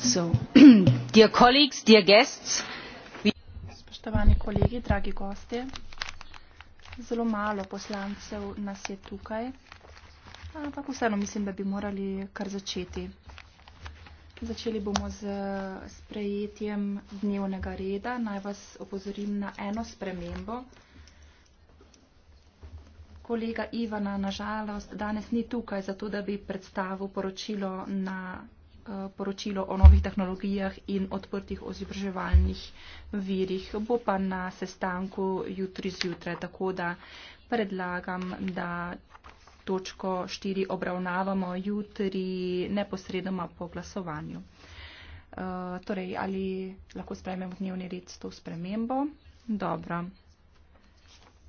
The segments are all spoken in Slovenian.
spoštovani kolegi dragi gostje zelo malo poslancev nas je tukaj ampak vseeno mislim da bi morali kar začeti začeli bomo z sprejetjem dnevnega reda naj vas opozorim na eno spremembo kolega ivana na žalost danes ni tukaj zato da bi predstavil poročilo na poročilo o novih tehnologijah in odprtih oziroževalnih virih. Bo pa na sestanku jutri zjutraj, tako da predlagam, da točko 4 obravnavamo jutri neposredoma po glasovanju. Uh, torej, ali lahko spremem v dnevni red s to spremembo? Dobro.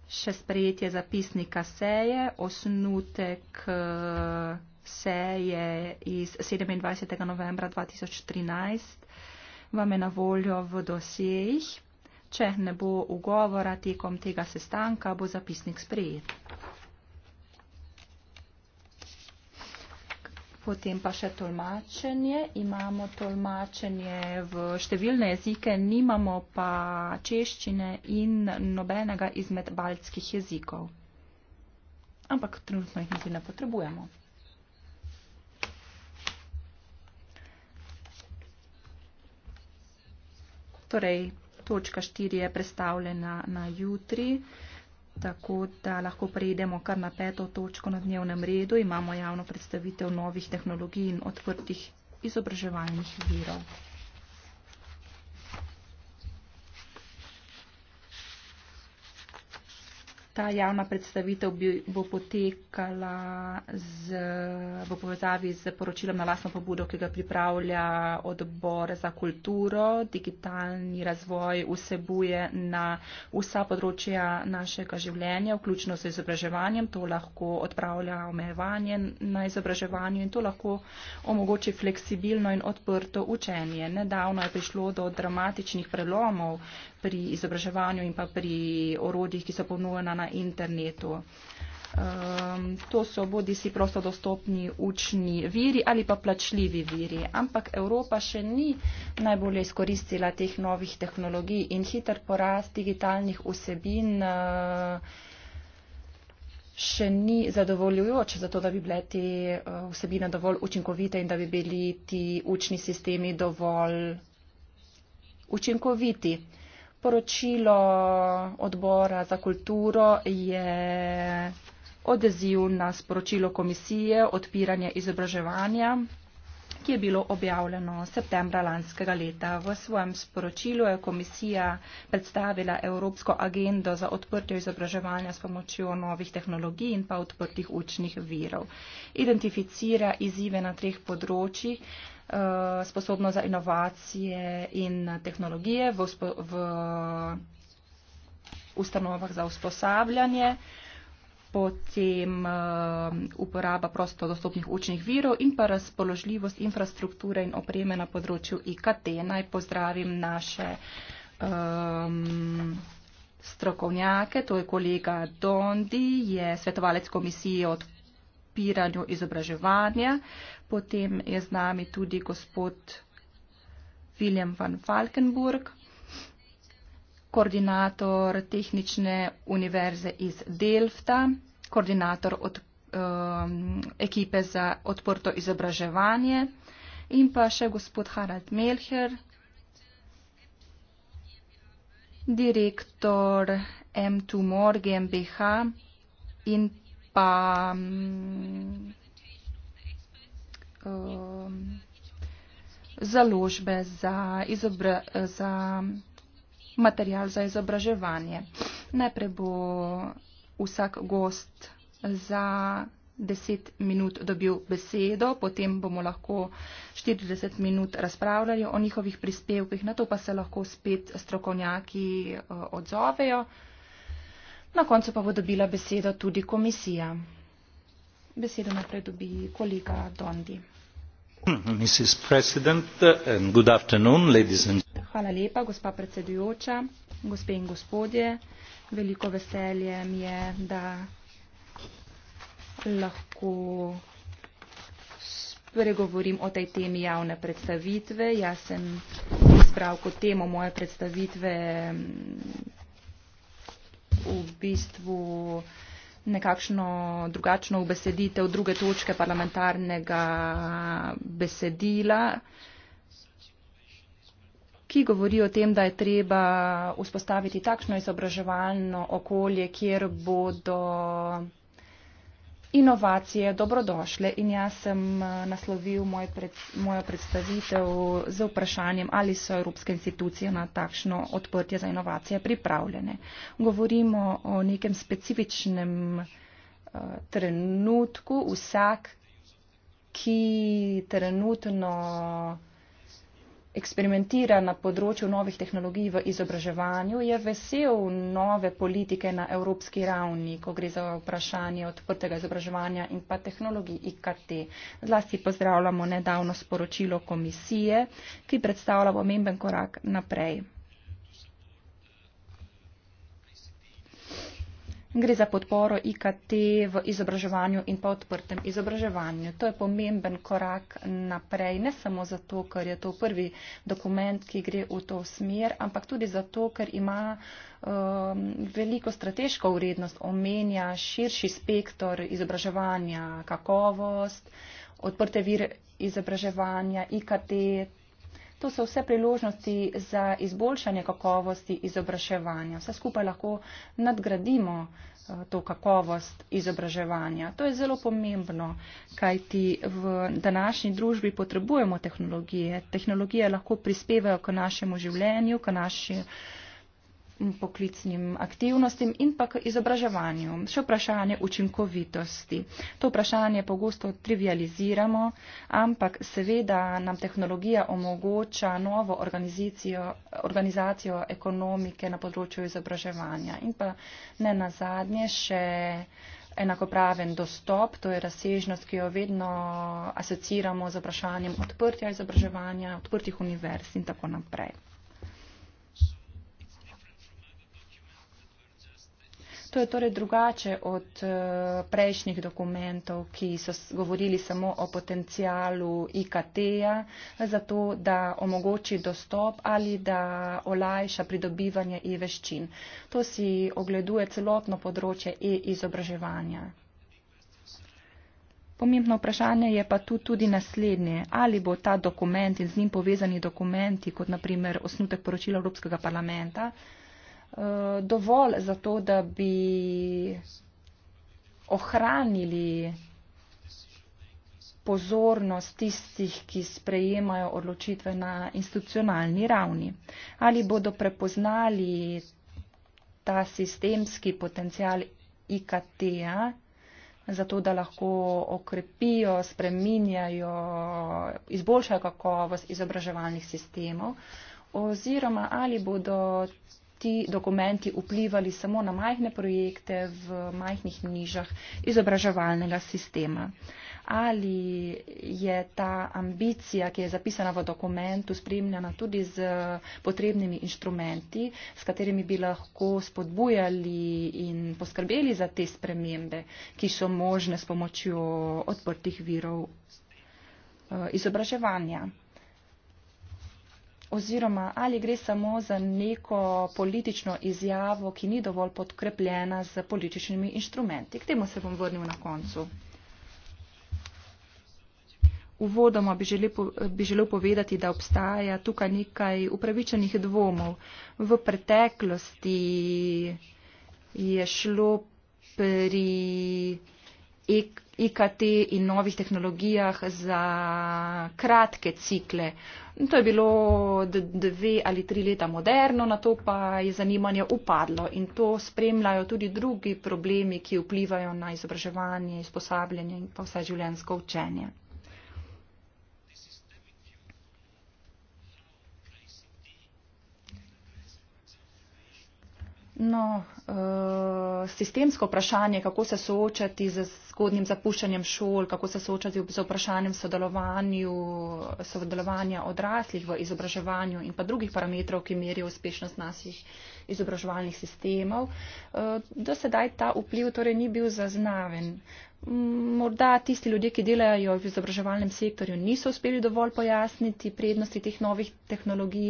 Še sprejetje zapisnika seje, osnutek. Uh, vse je iz 27. novembra 2013, vam je na voljo v dosejih. Če ne bo ugovora tekom tega sestanka, bo zapisnik sprejet. Potem pa še tolmačenje. Imamo tolmačenje v številne jezike, nimamo pa češčine in nobenega izmed baltskih jezikov. Ampak trenutno jih niti ne potrebujemo. Torej, točka 4 je predstavljena na jutri, tako da lahko prejdemo kar na peto točko na dnevnem redu. Imamo javno predstavitev novih tehnologij in odprtih izobraževalnih virov. ta javna predstavitev bi, bo potekala z, v povezavi z poročilom na lasno pobudo, ki ga pripravlja odbor za kulturo. Digitalni razvoj vsebuje na vsa področja našega življenja, vključno z izobraževanjem. To lahko odpravlja omejevanje na izobraževanju in to lahko omogoči fleksibilno in odprto učenje. Nedavno je prišlo do dramatičnih prelomov pri izobraževanju in pa pri orodjih, ki so ponujena na internetu. Um, to so bodi si prosto dostopni učni viri ali pa plačljivi viri. Ampak Evropa še ni najbolje izkoristila teh novih tehnologij in hiter porast digitalnih vsebin uh, še ni zadovoljujoč za to, da bi bile te uh, vsebine dovolj učinkovite in da bi bili ti učni sistemi dovolj učinkoviti. Poročilo odbora za kulturo je odeziv na sporočilo komisije odpiranje izobraževanja, ki je bilo objavljeno septembra lanskega leta. V svojem sporočilu je komisija predstavila Evropsko agendo za odprtje izobraževanja s pomočjo novih tehnologij in pa odprtih učnih virov. Identificira izzive na treh področjih Eh, sposobnost za inovacije in tehnologije v, uspo, v ustanovah za usposabljanje, potem uh, uporaba prosto dostopnih učnih virov in pa razpoložljivost infrastrukture in opreme na področju IKT. Naj pozdravim naše um, strokovnjake, to je kolega Dondi, je svetovalec komisije od piranju izobraževanja, Potem je z nami tudi gospod William van Falkenburg, koordinator tehnične univerze iz Delfta, koordinator od, um, ekipe za odprto izobraževanje in pa še gospod Harald Melcher, direktor M2MOR GmbH in pa um, um, založbe za, izobra, za material za izobraževanje. Najprej bo vsak gost za 10 minut dobil besedo, potem bomo lahko 40 minut razpravljali o njihovih prispevkih, na to pa se lahko spet strokovnjaki uh, odzovejo. Na koncu pa bo dobila besedo tudi komisija. Besedo naprej dobi kolega Dondi. Uh, Hvala lepa, gospa predsedujoča, gospe in gospodje. Veliko veselje mi je, da lahko spregovorim o tej temi javne predstavitve. Jaz sem izbral kot temo moje predstavitve mm, v bistvu nekakšno drugačno ubeseditev druge točke parlamentarnega besedila, ki govori o tem, da je treba vzpostaviti takšno izobraževalno okolje, kjer bodo inovacije dobrodošle in jaz sem eh, naslovil moj pred, mojo predstavitev z vprašanjem, ali so evropske institucije na takšno odprtje za inovacije pripravljene. Govorimo o nekem specifičnem uh, trenutku, vsak, ki trenutno eksperimentira na področju novih tehnologij v izobraževanju, je vesel nove politike na evropski ravni, ko gre za vprašanje odprtega izobraževanja in pa tehnologij IKT. Zlasti pozdravljamo nedavno sporočilo komisije, ki predstavlja pomemben korak naprej. Gre za podporo IKT v izobraževanju in pa odprtem izobraževanju. To je pomemben korak naprej, ne samo zato, ker je to prvi dokument, ki gre v to smer, ampak tudi zato, ker ima um, veliko strateško vrednost, omenja širši spektr izobraževanja, kakovost, odprte vire izobraževanja, IKT, To so vse priložnosti za izboljšanje kakovosti izobraževanja. Vse skupaj lahko nadgradimo eh, to kakovost izobraževanja. To je zelo pomembno, kajti v današnji družbi potrebujemo tehnologije. Tehnologije lahko prispevajo k našemu življenju, k našemu poklicnim aktivnostim in pa k izobraževanju. Še vprašanje učinkovitosti. To vprašanje pogosto trivializiramo, ampak seveda nam tehnologija omogoča novo organizacijo, organizacijo ekonomike na področju izobraževanja in pa ne nazadnje še enakopraven dostop, to je razsežnost, ki jo vedno asociramo z vprašanjem odprtja izobraževanja, odprtih univerz in tako naprej. To je torej drugače od eh, prejšnjih dokumentov, ki so govorili samo o potencijalu IKT-ja, zato da omogoči dostop ali da olajša pridobivanje e-veščin. To si ogleduje celotno področje e-izobraževanja. Pomembno vprašanje je pa tu tudi naslednje. Ali bo ta dokument in z njim povezani dokumenti, kot naprimer osnutek poročila Evropskega parlamenta, Eh, dovolj za to, da bi ohranili pozornost tistih, ki sprejemajo odločitve na institucionalni ravni. Ali bodo prepoznali ta sistemski potencial IKT-ja, zato da lahko okrepijo, spreminjajo, izboljšajo kakovost izobraževalnih sistemov, oziroma ali bodo ti dokumenti vplivali samo na majhne projekte v majhnih nižah izobraževalnega sistema. Ali je ta ambicija, ki je zapisana v dokumentu, spremljena tudi z potrebnimi inštrumenti, s katerimi bi lahko spodbujali in poskrbeli za te spremembe, ki so možne s pomočjo odprtih virov eh, izobraževanja oziroma ali gre samo za neko politično izjavo, ki ni dovolj podkrepljena z političnimi inštrumenti. K temu se bom vrnil na koncu. Uvodoma bi, želi, bi želel povedati, da obstaja tukaj nekaj upravičenih dvomov. V preteklosti je šlo pri IKT in novih tehnologijah za kratke cikle. To je bilo dve ali tri leta moderno, na to pa je zanimanje upadlo in to spremljajo tudi drugi problemi, ki vplivajo na izobraževanje, izposabljanje in pa vse življensko učenje. celotno uh, eh, sistemsko vprašanje, kako se soočati z zgodnjim zapuščanjem šol, kako se soočati z vprašanjem sodelovanja odraslih v izobraževanju in pa drugih parametrov, ki merijo uspešnost naših izobraževalnih sistemov. Uh, do sedaj ta vpliv torej ni bil zaznaven. Uh, Morda tisti ljudje, ki delajo v izobraževalnem sektorju, niso uspeli dovolj pojasniti prednosti teh novih tehnologij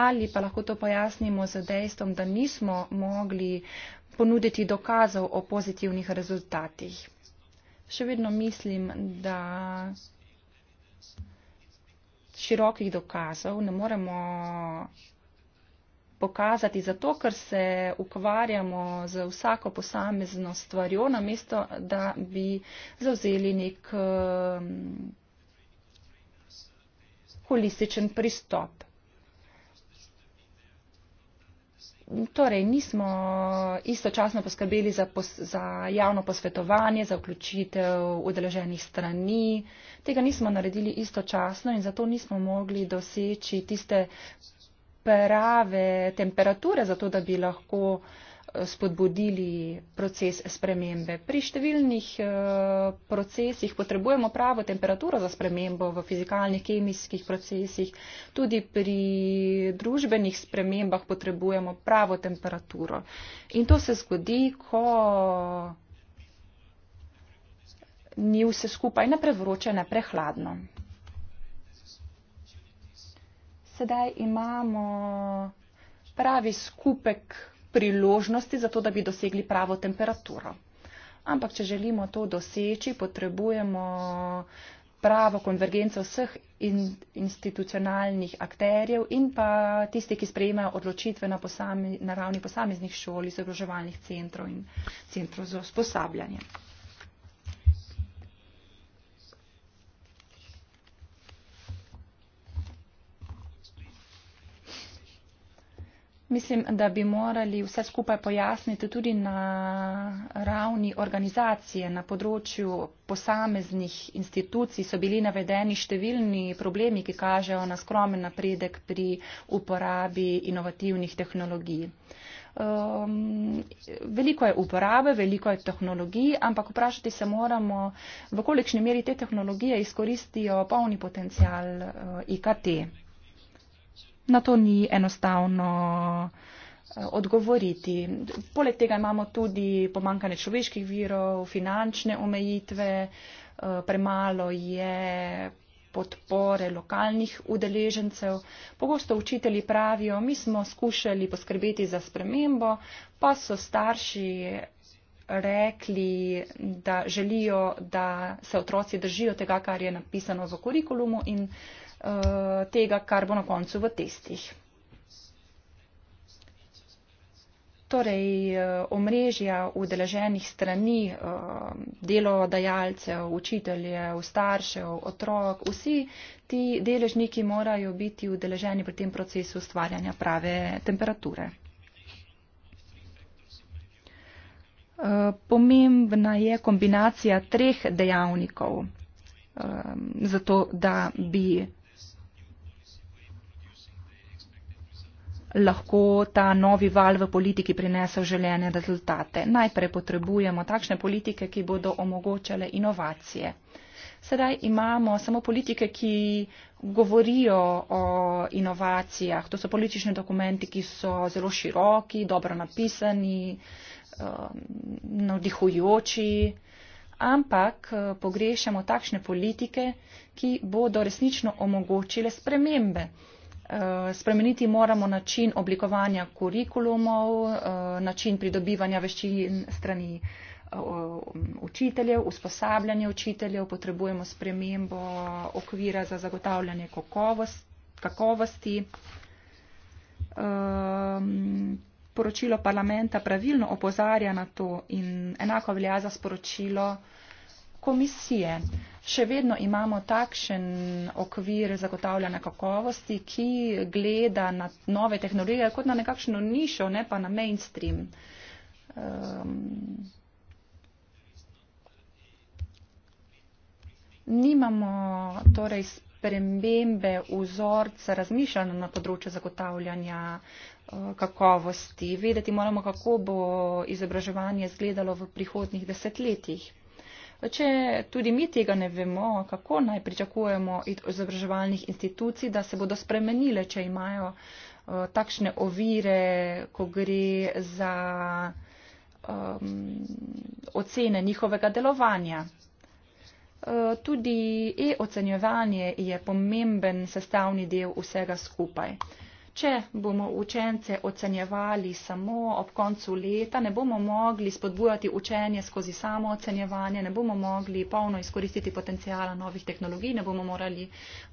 ali pa lahko to pojasnimo z dejstvom, da nismo mogli ponuditi dokazov o pozitivnih rezultatih. Še vedno mislim, da širokih dokazov ne moremo pokazati, zato ker se ukvarjamo z vsako posamezno stvarjo, namesto da bi zauzeli nek um, holističen pristop. Torej, nismo istočasno poskrbeli za, pos, za javno posvetovanje, za vključitev udeleženih strani. Tega nismo naredili istočasno in zato nismo mogli doseči tiste prave temperature za to, da bi lahko eh, spodbudili proces spremembe. Pri številnih eh, procesih potrebujemo pravo temperaturo za spremembo v fizikalnih, kemijskih procesih. Tudi pri družbenih spremembah potrebujemo pravo temperaturo. In to se zgodi, ko ni vse skupaj ne prevroče, ne prehladno sedaj imamo pravi skupek priložnosti za to, da bi dosegli pravo temperaturo. Ampak, če želimo to doseči, potrebujemo pravo konvergenco vseh in institucionalnih akterjev in pa tisti, ki sprejemajo odločitve na, posame, na ravni posameznih šol, izobraževalnih centrov in centrov za usposabljanje. Mislim, da bi morali vse skupaj pojasniti tudi na ravni organizacije, na področju posameznih institucij so bili navedeni številni problemi, ki kažejo na skromen napredek pri uporabi inovativnih tehnologij. Um, veliko je uporabe, veliko je tehnologij, ampak vprašati se moramo, v kolikšni meri te tehnologije izkoristijo polni potencial uh, IKT na to ni enostavno eh, odgovoriti. Poleg tega imamo tudi pomankanje človeških virov, finančne omejitve, eh, premalo je podpore lokalnih udeležencev. Pogosto učitelji pravijo, mi smo skušali poskrbeti za spremembo, pa so starši rekli, da želijo, da se otroci držijo tega, kar je napisano v kurikulumu in Eh, tega, kar bo na koncu v testih. Torej, eh, omrežja udeleženih strani, eh, delodajalcev, učiteljev, staršev, otrok, vsi ti deležniki morajo biti udeleženi pri tem procesu ustvarjanja prave temperature. Pomembna je kombinacija treh dejavnikov, zato da bi lahko ta novi val v politiki prinesel željene rezultate. Najprej potrebujemo takšne politike, ki bodo omogočale inovacije. Sedaj imamo samo politike, ki govorijo o inovacijah. To so politični dokumenti, ki so zelo široki, dobro napisani, um, navdihujoči, ampak uh, pogrešamo takšne politike, ki bodo resnično omogočile spremembe. Eh, spremeniti moramo način oblikovanja kurikulumov, eh, način pridobivanja veščin strani eh, učiteljev, usposabljanje učiteljev, potrebujemo spremembo okvira za zagotavljanje kakovosti. Ehm, poročilo parlamenta pravilno opozarja na to in enako velja za sporočilo komisije še vedno imamo takšen okvir zagotavljanja kakovosti, ki gleda na nove tehnologije kot na nekakšno nišo, ne pa na mainstream. Um, nimamo torej spremembe vzorca razmišljanja na področju zagotavljanja eh, kakovosti. Vedeti moramo, kako bo izobraževanje izgledalo v prihodnih desetletjih. Če tudi mi tega ne vemo, kako naj pričakujemo od izobraževalnih institucij, da se bodo spremenile, če imajo eh, takšne ovire, ko gre za um, ocene njihovega delovanja. Eh, tudi e-ocenjevanje je pomemben sestavni del vsega skupaj. Uh, Če bomo učence ocenjevali samo ob koncu leta, ne bomo mogli spodbujati učenje skozi samo ocenjevanje, ne bomo mogli polno izkoristiti potencijala novih tehnologij, ne bomo morali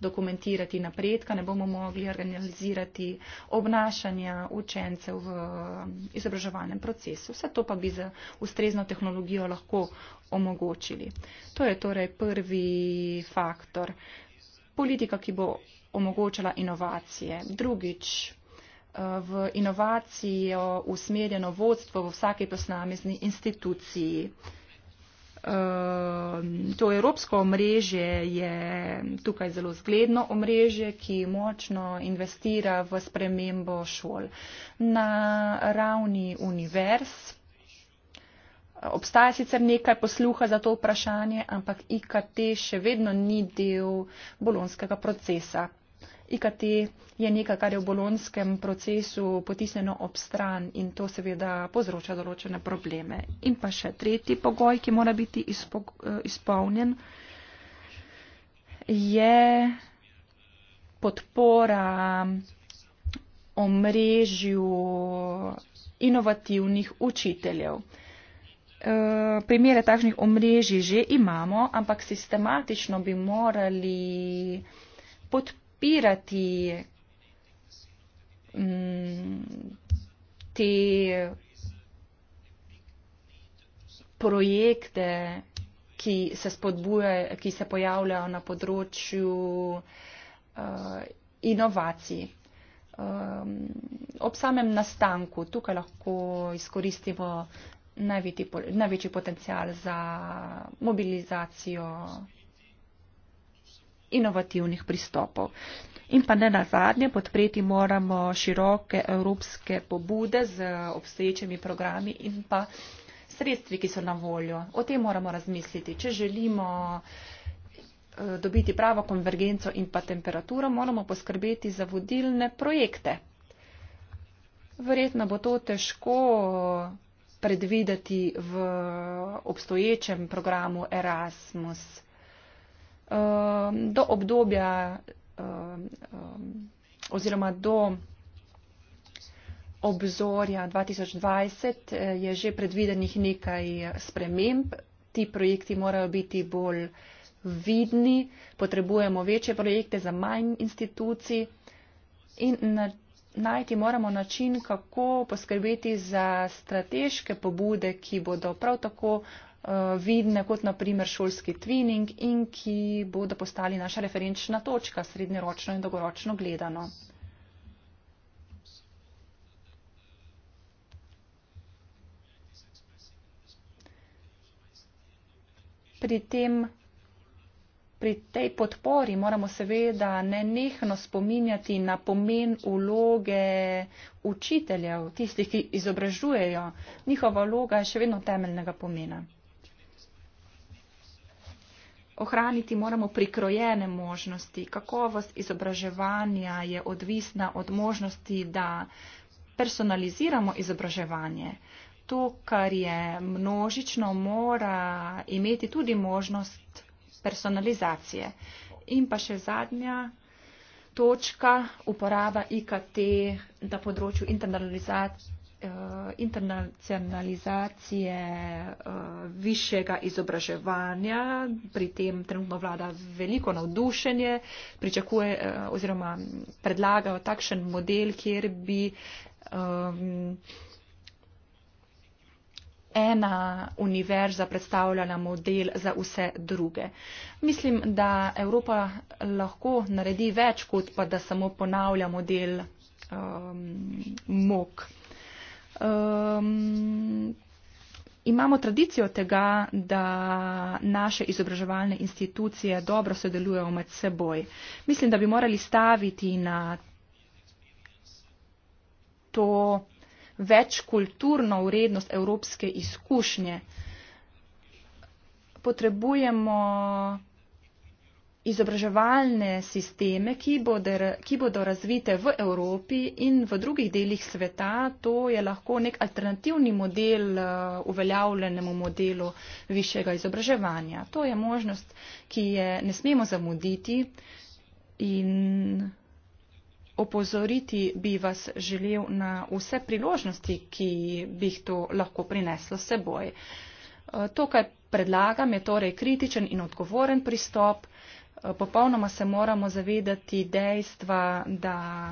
dokumentirati napredka, ne bomo mogli organizirati obnašanja učencev v izobraževalnem procesu. Vse to pa bi z ustrezno tehnologijo lahko omogočili. To je torej prvi faktor. Politika, ki bo omogočala inovacije. Drugič, eh, v inovacijo usmerjeno vodstvo v vsaki posamezni instituciji. Eh, to evropsko omrežje je tukaj zelo zgledno omrežje, ki močno investira v spremembo šol. Na ravni univerz eh, obstaja sicer nekaj posluha za to vprašanje, ampak IKT še vedno ni del bolonskega procesa. IKT je nekaj, kar je v bolonskem procesu potisneno ob stran in to seveda povzroča določene probleme. In pa še tretji pogoj, ki mora biti eh, izpolnjen, je podpora o mrežju inovativnih učiteljev. E, primere takšnih omrežij že imamo, ampak sistematično bi morali podpirati mm, te projekte, ki se spodbujajo, ki se pojavljajo na področju eh, inovacij. Ehm, ob samem nastanku tukaj lahko izkoristimo največji potencial za mobilizacijo inovativnih pristopov. In pa ne nazadnje, podpreti moramo široke evropske pobude z obstoječimi programi in pa sredstvi, ki so na voljo. O tem moramo razmisliti. Če želimo eh, dobiti pravo konvergenco in pa temperaturo, moramo poskrbeti za vodilne projekte. Verjetno bo to težko predvideti v obstoječem programu Erasmus. Um, do obdobja um, um, oziroma do obzorja 2020 eh, je že predvidenih nekaj sprememb. Ti projekti morajo biti bolj vidni, potrebujemo večje projekte za manj institucij in na, najti moramo način, kako poskrbeti za strateške pobude, ki bodo prav tako Eh, vidne kot naprimer šolski twinning in ki bodo postali naša referenčna točka srednjeročno in dolgoročno gledano. Pri, tem, pri tej podpori moramo seveda ne nehno spominjati na pomen uloge učiteljev, tistih, ki izobražujejo. Njihova vloga je še vedno temeljnega pomena. Ohraniti moramo prikrojene možnosti. Kakovost izobraževanja je odvisna od možnosti, da personaliziramo izobraževanje. To, kar je množično, mora imeti tudi možnost personalizacije. In pa še zadnja točka, uporaba IKT na področju internalizacije Eh, internacionalizacije eh, višjega izobraževanja. Pri tem trenutno vlada veliko navdušenje, pričakuje eh, oziroma predlagajo takšen model, kjer bi ehm, ena univerza predstavljala model za vse druge. Mislim, da Evropa lahko naredi več, kot pa da samo ponavlja model um, ehm, MOK. Um, imamo tradicijo tega, da naše izobraževalne institucije dobro sodelujejo med seboj. Mislim, da bi morali staviti na to večkulturno urednost evropske izkušnje. Potrebujemo izobraževalne sisteme, ki bodo, ki bodo razvite v Evropi in v drugih delih sveta, to je lahko nek alternativni model eh, uveljavljenemu modelu višjega izobraževanja. To je možnost, ki je ne smemo zamuditi in opozoriti bi vas želel na vse priložnosti, ki bi jih to lahko prineslo seboj. Eh, to, kar predlagam, je torej kritičen in odgovoren pristop, Popolnoma se moramo zavedati dejstva, da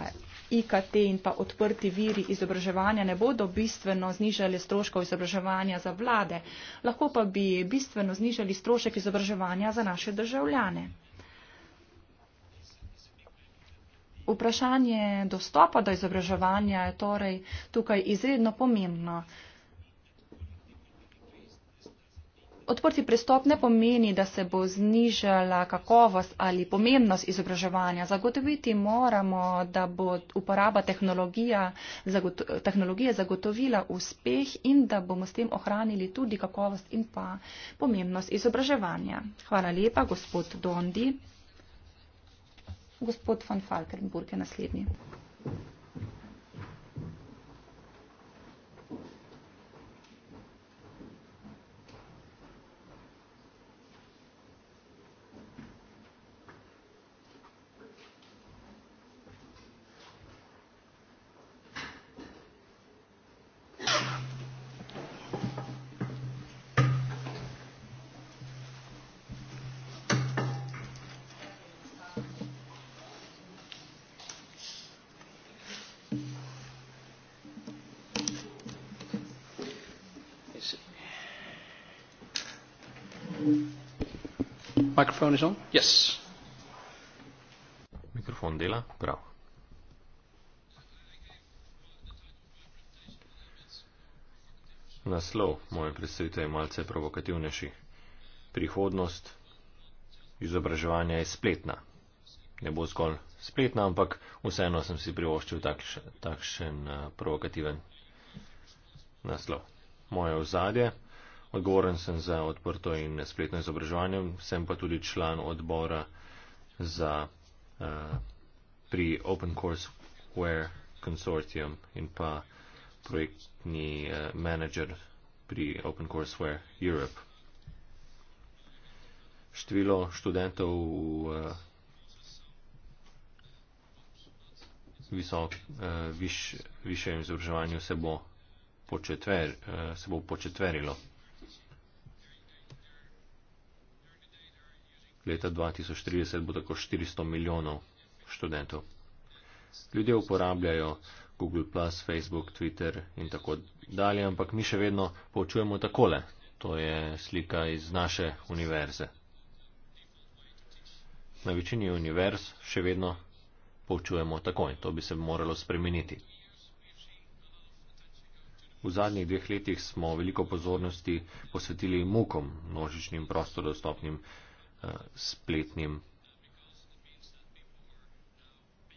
IKT in pa odprti viri izobraževanja ne bodo bistveno znižali stroškov izobraževanja za vlade, lahko pa bi bistveno znižali strošek izobraževanja za naše državljane. Vprašanje dostopa do izobraževanja je torej tukaj izredno pomembno. odprti pristop ne pomeni, da se bo znižala kakovost ali pomembnost izobraževanja. Zagotoviti moramo, da bo uporaba tehnologija, zagot, tehnologije zagotovila uspeh in da bomo s tem ohranili tudi kakovost in pa pomembnost izobraževanja. Hvala lepa, gospod Dondi. Gospod von Falkenburg je naslednji. microphone is on. Yes. Microfoon dela, prav. Naslov moje predstavitve je malce provokativnejši. Prihodnost izobraževanja je spletna. Ne bo zgolj spletna, ampak vseeno sem si privoščil takš, takšen eh, provokativen naslov. Moje ozadje odgovoren sem za odprto in spletno izobraževanje, sem pa tudi član odbora za, uh, pri Open Courseware Consortium in pa projektni uh, manager pri Open Courseware Europe. Število študentov v uh, eh, visok, uh, viš, višjem izobraževanju se bo, početver, uh, se bo početverilo. leta 2030 bo tako 400 milijonov študentov. Ljudje uporabljajo Google+, Facebook, Twitter in tako dalje, ampak mi še vedno poučujemo takole. To je slika iz naše univerze. Na večini univerz še vedno poučujemo takoj. To bi se moralo spremeniti. V zadnjih dveh letih smo veliko pozornosti posvetili mukom, množičnim prostorostopnim uh, spletnim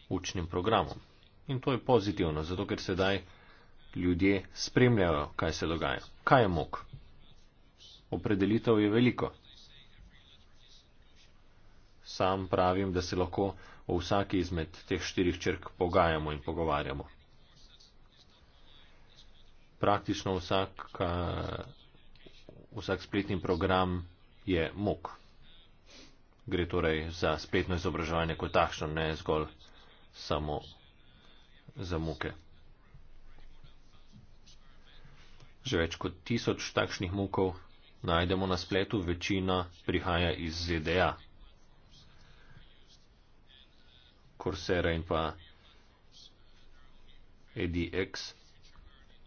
učnim programom. In to je pozitivno, zato ker sedaj ljudje spremljajo, kaj se dogaja. Kaj je mok? Opredelitev je veliko. Sam pravim, da se lahko o vsaki izmed teh štirih črk pogajamo in pogovarjamo. Praktično vsak, vsak spletni program je mok gre torej za spetno izobraževanje kot takšno, ne zgolj samo za muke. Že več kot tisoč takšnih mukov najdemo na spletu, večina prihaja iz ZDA. Korsera in pa ADX.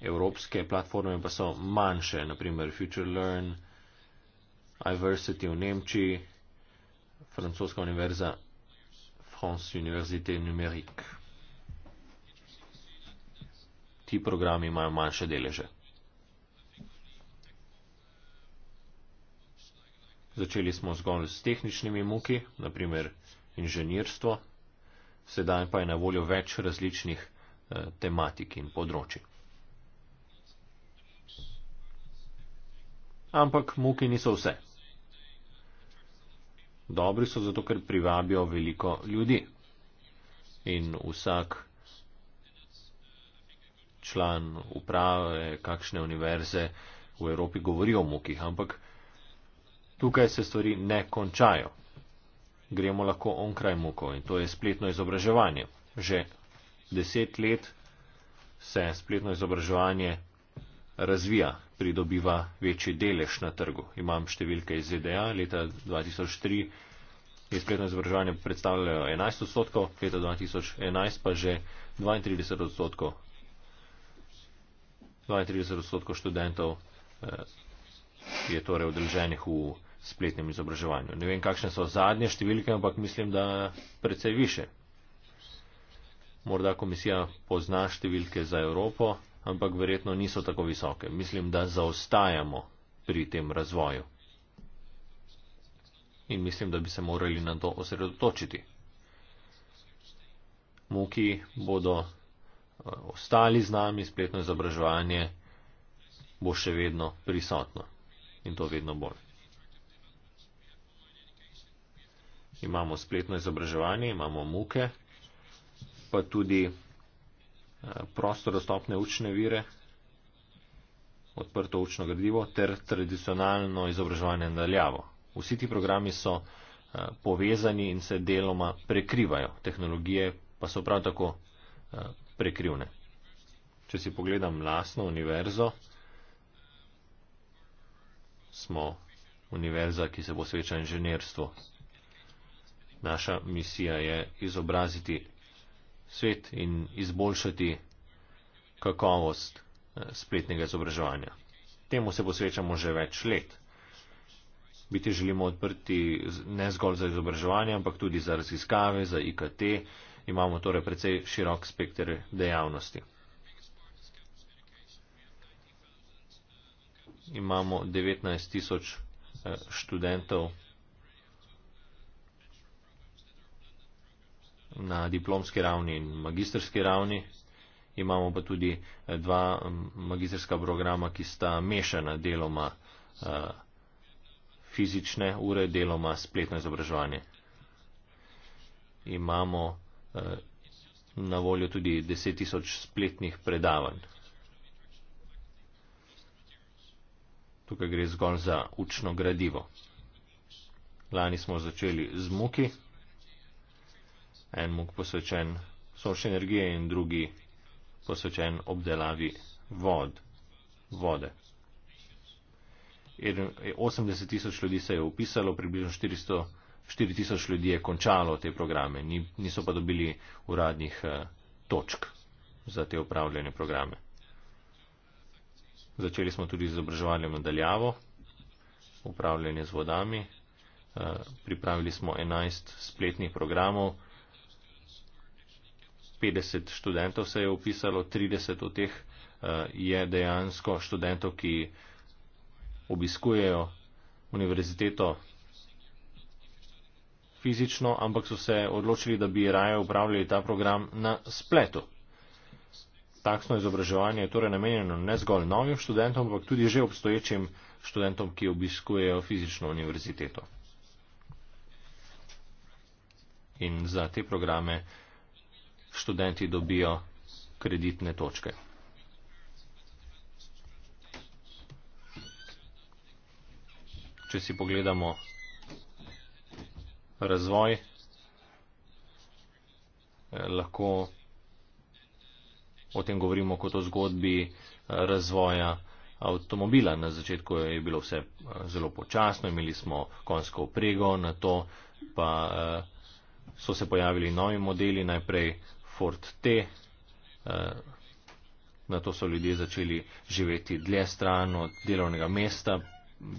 E evropske platforme pa so manjše, naprimer Future Learn, iVersity v Nemčiji, Francoska univerza, France Université Numérique. Ti programi imajo manjše deleže. Začeli smo zgolj s tehničnimi muki, naprimer inženirstvo, sedaj pa je na voljo več različnih eh, tematik in področji. Ampak muki niso vse. Dobri so zato, ker privabijo veliko ljudi. In vsak član uprave, kakšne univerze v Evropi govori o mukih, ampak tukaj se stvari ne končajo. Gremo lahko onkraj muko in to je spletno izobraževanje. Že deset let se spletno izobraževanje razvija pridobiva večji delež na trgu. Imam številke iz ZDA, leta 2003 je spletno izobraževanje predstavljalo 11 odstotkov, leta 2011 pa že 32 odstotkov. 32 odstotkov študentov eh, je torej odreženih v spletnem izobraževanju. Ne vem, kakšne so zadnje številke, ampak mislim, da precej više. Morda komisija pozna številke za Evropo ampak verjetno niso tako visoke. Mislim, da zaostajamo pri tem razvoju. In mislim, da bi se morali na to osredotočiti. Muki bodo eh, ostali z nami, spletno izobraževanje bo še vedno prisotno in to vedno bolj. Imamo spletno izobraževanje, imamo muke, pa tudi prosto dostopne učne vire, odprto učno gradivo ter tradicionalno izobraževanje nadaljavo. Vsi ti programi so eh, povezani in se deloma prekrivajo, tehnologije pa so prav tako eh, prekrivne. Če si pogledam lasno univerzo, smo univerza, ki se bo sveča inženirstvu. Naša misija je izobraziti svet in izboljšati kakovost eh, spletnega izobraževanja. Temu se posvečamo že več let. Biti želimo odprti ne zgolj za izobraževanje, ampak tudi za raziskave, za IKT. Imamo torej precej širok spekter dejavnosti. Imamo 19 tisoč eh, študentov na diplomski ravni in magistrski ravni. Imamo pa tudi eh, dva magistrska programa, ki sta mešana deloma eh, fizične ure, deloma spletno izobraževanje. Imamo eh, na voljo tudi 10 tisoč spletnih predavanj. Tukaj gre zgolj za učno gradivo. Lani smo začeli z muki en mok posvečen sončne energije in drugi posvečen obdelavi vod, vode. 80 tisoč ljudi se je upisalo, približno 400, 4 tisoč ljudi je končalo te programe, niso pa dobili uradnih eh, točk za te upravljene programe. Začeli smo tudi z obraževanjem nadaljavo, upravljanje z vodami, eh, pripravili smo 11 spletnih programov, 50 študentov se je upisalo, 30 od teh eh, je dejansko študentov, ki obiskujejo univerziteto fizično, ampak so se odločili, da bi raje upravljali ta program na spletu. Taksno izobraževanje je torej namenjeno ne zgolj novim študentom, ampak tudi že obstoječim študentom, ki obiskujejo fizično univerziteto. In za te programe študenti dobijo kreditne točke. Če si pogledamo razvoj, eh, lahko o tem govorimo kot o zgodbi eh, razvoja avtomobila. Na začetku je bilo vse eh, zelo počasno, imeli smo konjsko prego, na to pa so se pojavili novi modeli, najprej Ford T. Uh, na to so ljudje začeli živeti dlje stran od delovnega mesta,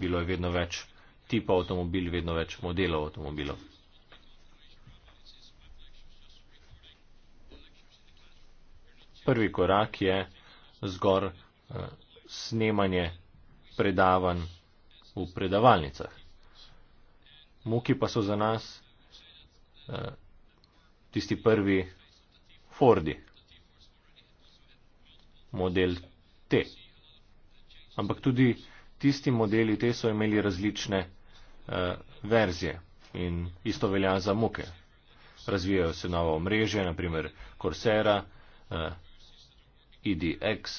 bilo je vedno več tipa avtomobil, vedno več modelov avtomobilov. Prvi korak je zgor uh, snemanje predavanj v predavalnicah. Muki pa so za nas uh, tisti prvi Fordi. Model T. Ampak tudi tisti modeli T so imeli različne uh, verzije in isto velja za muke. Razvijajo se nova omrežja, naprimer Corsera, uh, eh, IDX,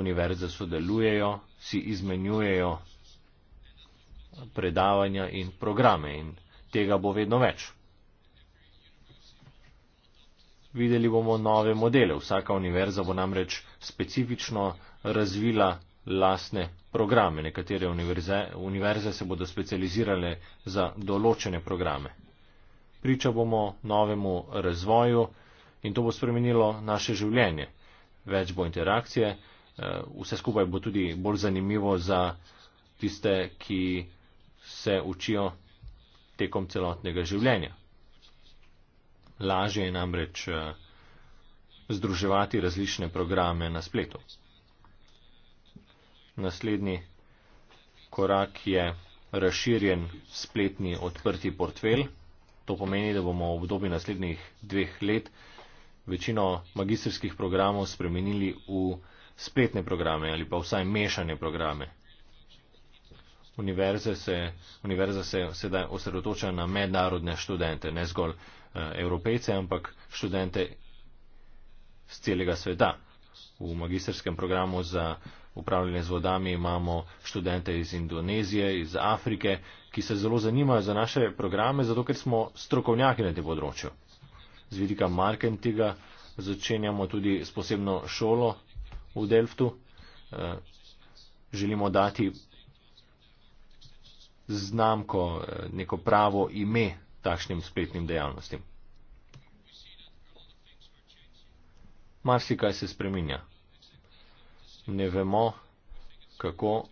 univerze sodelujejo, si izmenjujejo predavanja in programe in tega bo vedno več videli bomo nove modele. Vsaka univerza bo namreč specifično razvila lasne programe. Nekatere univerze, univerze se bodo specializirale za določene programe. Priča bomo novemu razvoju in to bo spremenilo naše življenje. Več bo interakcije, eh, vse skupaj bo tudi bolj zanimivo za tiste, ki se učijo tekom celotnega življenja. Lažje je namreč eh, združevati različne programe na spletu. Naslednji korak je razširjen spletni odprti portfelj. To pomeni, da bomo v obdobju naslednjih dveh let večino magistrskih programov spremenili v spletne programe ali pa vsaj mešane programe univerze se, univerza se sedaj osredotoča na mednarodne študente, ne zgolj eh, evropejce, ampak študente z celega sveta. V magistrskem programu za upravljanje z vodami imamo študente iz Indonezije, iz Afrike, ki se zelo zanimajo za naše programe, zato ker smo strokovnjaki na tem področju. Z vidika marketinga začenjamo tudi s posebno šolo v Delftu. Eh, želimo dati znamko, eh, neko pravo ime takšnim spletnim dejavnostim. Marsikaj se spreminja. Ne vemo, kako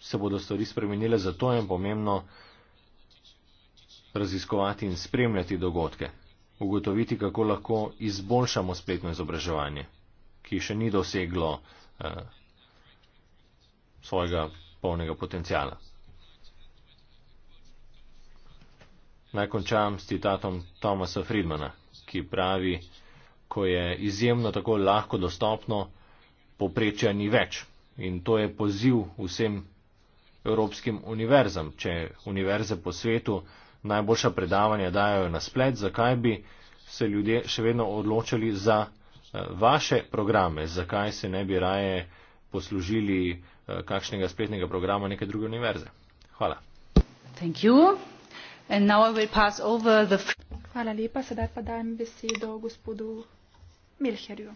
se bodo stvari spremenile, zato je pomembno raziskovati in spremljati dogodke, ugotoviti, kako lahko izboljšamo spletno izobraževanje, ki še ni doseglo eh, svojega polnega potencijala. Naj končam s citatom Tomasa Friedmana, ki pravi, ko je izjemno tako lahko dostopno, poprečja ni več. In to je poziv vsem evropskim univerzam, če univerze po svetu najboljša predavanja dajo na splet, zakaj bi se ljudje še vedno odločili za eh, vaše programe, zakaj se ne bi raje poslužili Eh, kakšnega spletnega programa neke druge univerze. Hvala. Hvala lepa, sedaj pa dajem besedo gospodu Milherju.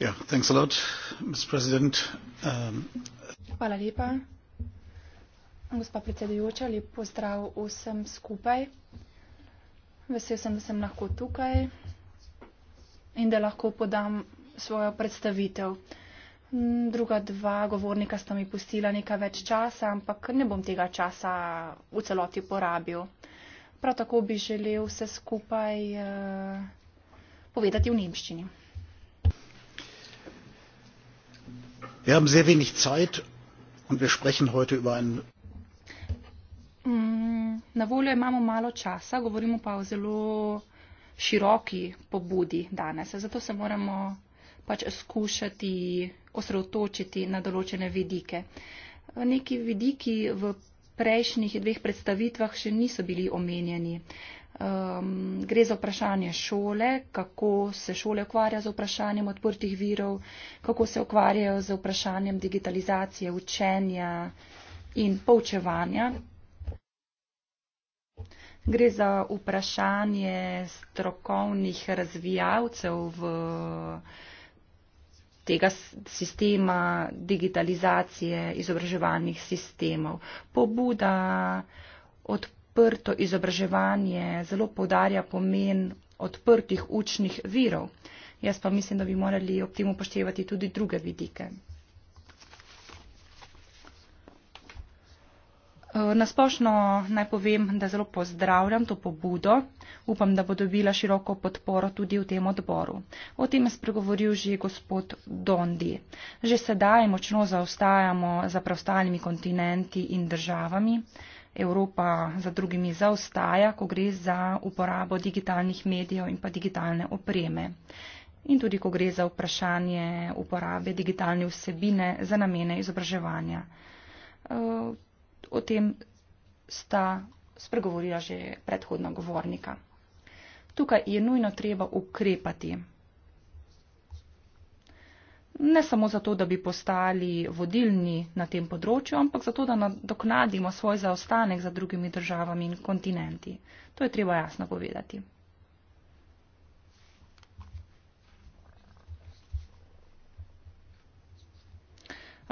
Yeah, ja, lot, um, Hvala lepa, gospa predsedujoča, lep pozdrav vsem skupaj. Vesel sem, da sem lahko tukaj in da lahko podam svojo predstavitev. Mm, druga dva govornika sta mi pustila nekaj več časa, ampak ne bom tega časa v celoti porabil. Prav tako bi želel vse skupaj uh, povedati v nemščini. Mm, na voljo imamo malo časa, govorimo pa o zelo široki pobudi danes. Zato se moramo pač skušati osredotočiti na določene vidike. Neki vidiki v prejšnjih dveh predstavitvah še niso bili omenjeni. Um, gre za vprašanje šole, kako se šole ukvarja z vprašanjem odprtih virov, kako se ukvarjajo z vprašanjem digitalizacije, učenja in poučevanja. Gre za vprašanje strokovnih razvijalcev v tega sistema digitalizacije izobraževalnih sistemov. Pobuda odprto izobraževanje zelo povdarja pomen odprtih učnih virov. Jaz pa mislim, da bi morali ob tem upoštevati tudi druge vidike. Eh, Nasplošno naj povem, da zelo pozdravljam to pobudo. Upam, da bo dobila široko podporo tudi v tem odboru. O tem je spregovoril že gospod Dondi. Že sedaj močno zaostajamo za preostalimi kontinenti in državami. Evropa za drugimi zaostaja, ko gre za uporabo digitalnih medijev in pa digitalne opreme. In tudi, ko gre za vprašanje uporabe digitalne vsebine za namene izobraževanja. Uh, o tem sta spregovorila že predhodna govornika. Tukaj je nujno treba ukrepati. Ne samo zato, da bi postali vodilni na tem področju, ampak zato, da nadoknadimo svoj zaostanek za drugimi državami in kontinenti. To je treba jasno povedati.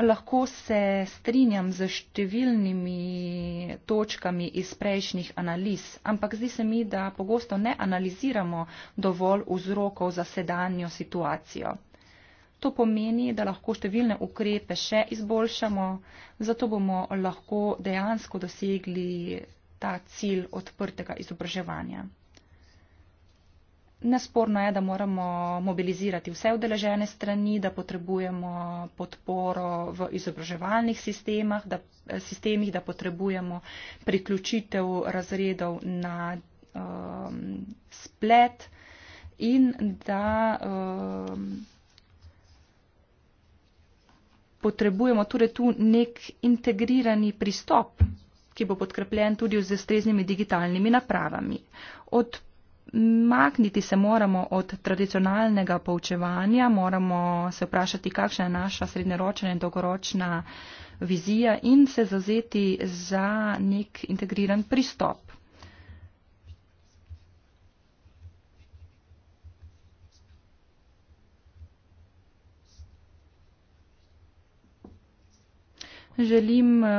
Lahko se strinjam z številnimi točkami iz prejšnjih analiz, ampak zdi se mi, da pogosto ne analiziramo dovolj vzrokov za sedanjo situacijo. To pomeni, da lahko številne ukrepe še izboljšamo, zato bomo lahko dejansko dosegli ta cilj odprtega izobraževanja. Nesporno je, da moramo mobilizirati vse udeležene strani, da potrebujemo podporo v izobraževalnih sistemah, da, sistemih, da potrebujemo priključitev razredov na um, splet in da um, potrebujemo torej tu nek integrirani pristop, ki bo podkrepljen tudi z ustreznimi digitalnimi napravami. Od Makniti se moramo od tradicionalnega poučevanja, moramo se vprašati, kakšna je naša srednjeročna in dolgoročna vizija in se zazeti za nek integriran pristop. Želim uh,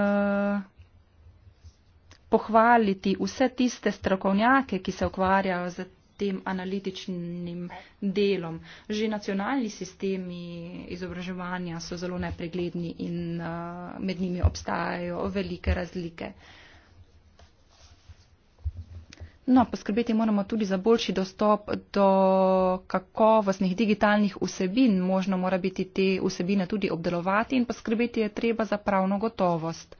pohvaliti vse tiste strokovnjake, ki se ukvarjajo z tem analitičnim delom. Že nacionalni sistemi izobraževanja so zelo nepregledni in uh, med njimi obstajajo velike razlike. No, poskrbeti moramo tudi za boljši dostop do kakovostnih digitalnih vsebin. Možno mora biti te vsebine tudi obdelovati in poskrbeti je treba za pravno gotovost.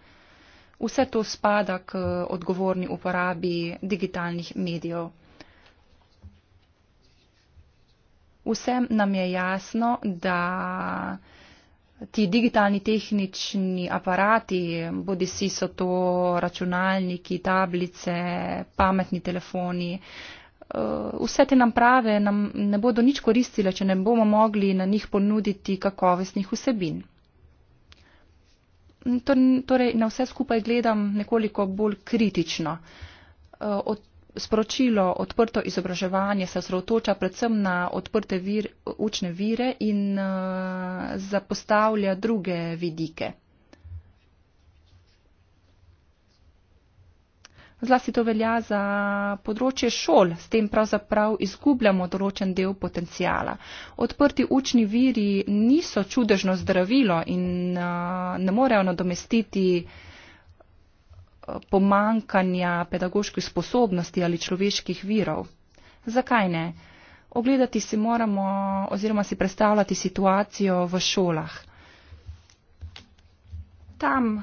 Vse to spada k odgovorni uporabi digitalnih medijev. Vsem nam je jasno, da ti digitalni tehnični aparati, bodi si so to računalniki, tablice, pametni telefoni, eh, vse te naprave nam ne bodo nič koristile, če ne bomo mogli na njih ponuditi kakovostnih vsebin torej na vse skupaj gledam nekoliko bolj kritično. Eh, od, sporočilo odprto izobraževanje se osredotoča predvsem na odprte vir, učne vire in uh, zapostavlja druge vidike. Zlasti to velja za področje šol, s tem pravzaprav izgubljamo določen del potencijala. Odprti učni viri niso čudežno zdravilo in ne morejo nadomestiti pomankanja pedagoških sposobnosti ali človeških virov. Zakaj ne? Ogledati si moramo oziroma si predstavljati situacijo v šolah. Tam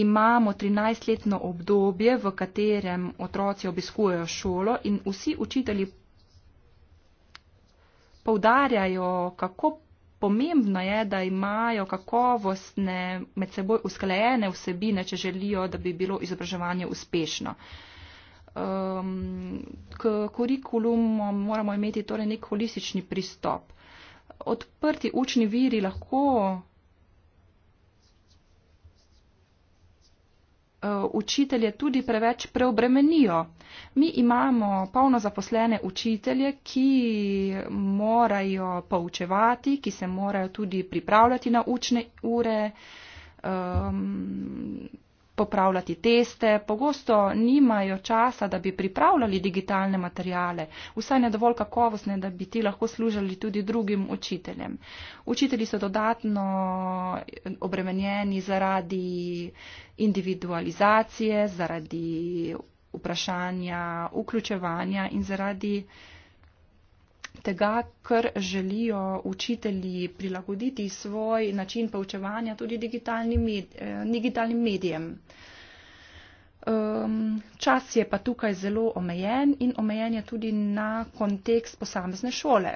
imamo 13-letno obdobje, v katerem otroci obiskujejo šolo in vsi učitelji povdarjajo, kako pomembno je, da imajo kakovostne, med seboj usklejene vsebine, če želijo, da bi bilo izobraževanje uspešno. Um, k kurikulumu moramo imeti torej nek holistični pristop. Odprti učni viri lahko Eh, učitelje tudi preveč preobremenijo. Mi imamo polno zaposlene učitelje, ki morajo poučevati, ki se morajo tudi pripravljati na učne ure. Um, popravljati teste, pogosto nimajo časa, da bi pripravljali digitalne materijale, vsaj ne dovolj kakovostne, da bi ti lahko služili tudi drugim učiteljem. Učitelji so dodatno eh, obremenjeni zaradi individualizacije, zaradi vprašanja, vključevanja in zaradi tega, kar želijo učitelji prilagoditi svoj način poučevanja tudi digitalnim, med, eh, digitalnim medijem. Ehm, čas je pa tukaj zelo omejen in omejen je tudi na kontekst posamezne šole.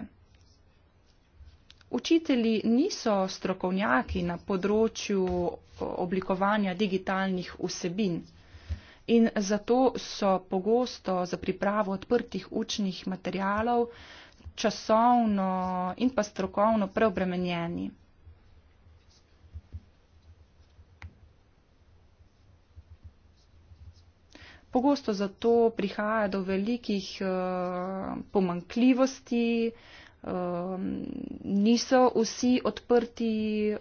Učitelji niso strokovnjaki na področju oblikovanja digitalnih vsebin in zato so pogosto za pripravo odprtih učnih materialov časovno in pa strokovno preobremenjeni. Pogosto zato prihaja do velikih uh, eh, pomankljivosti, uh, eh, niso vsi odprti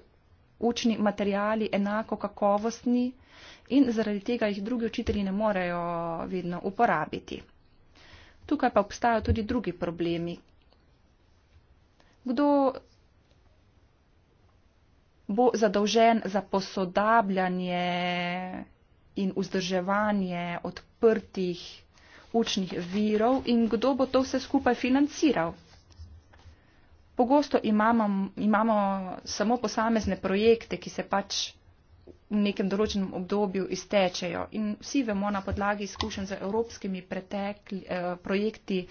učni materijali enako kakovostni in zaradi tega jih drugi učitelji ne morejo vedno uporabiti. Tukaj pa obstajajo tudi drugi problemi, kdo bo zadolžen za posodabljanje in vzdrževanje odprtih učnih virov in kdo bo to vse skupaj financiral. Pogosto imamo, imamo samo posamezne projekte, ki se pač nekem določenem obdobju iztečejo. In vsi vemo na podlagi izkušenj z evropskimi pretekli, eh, projekti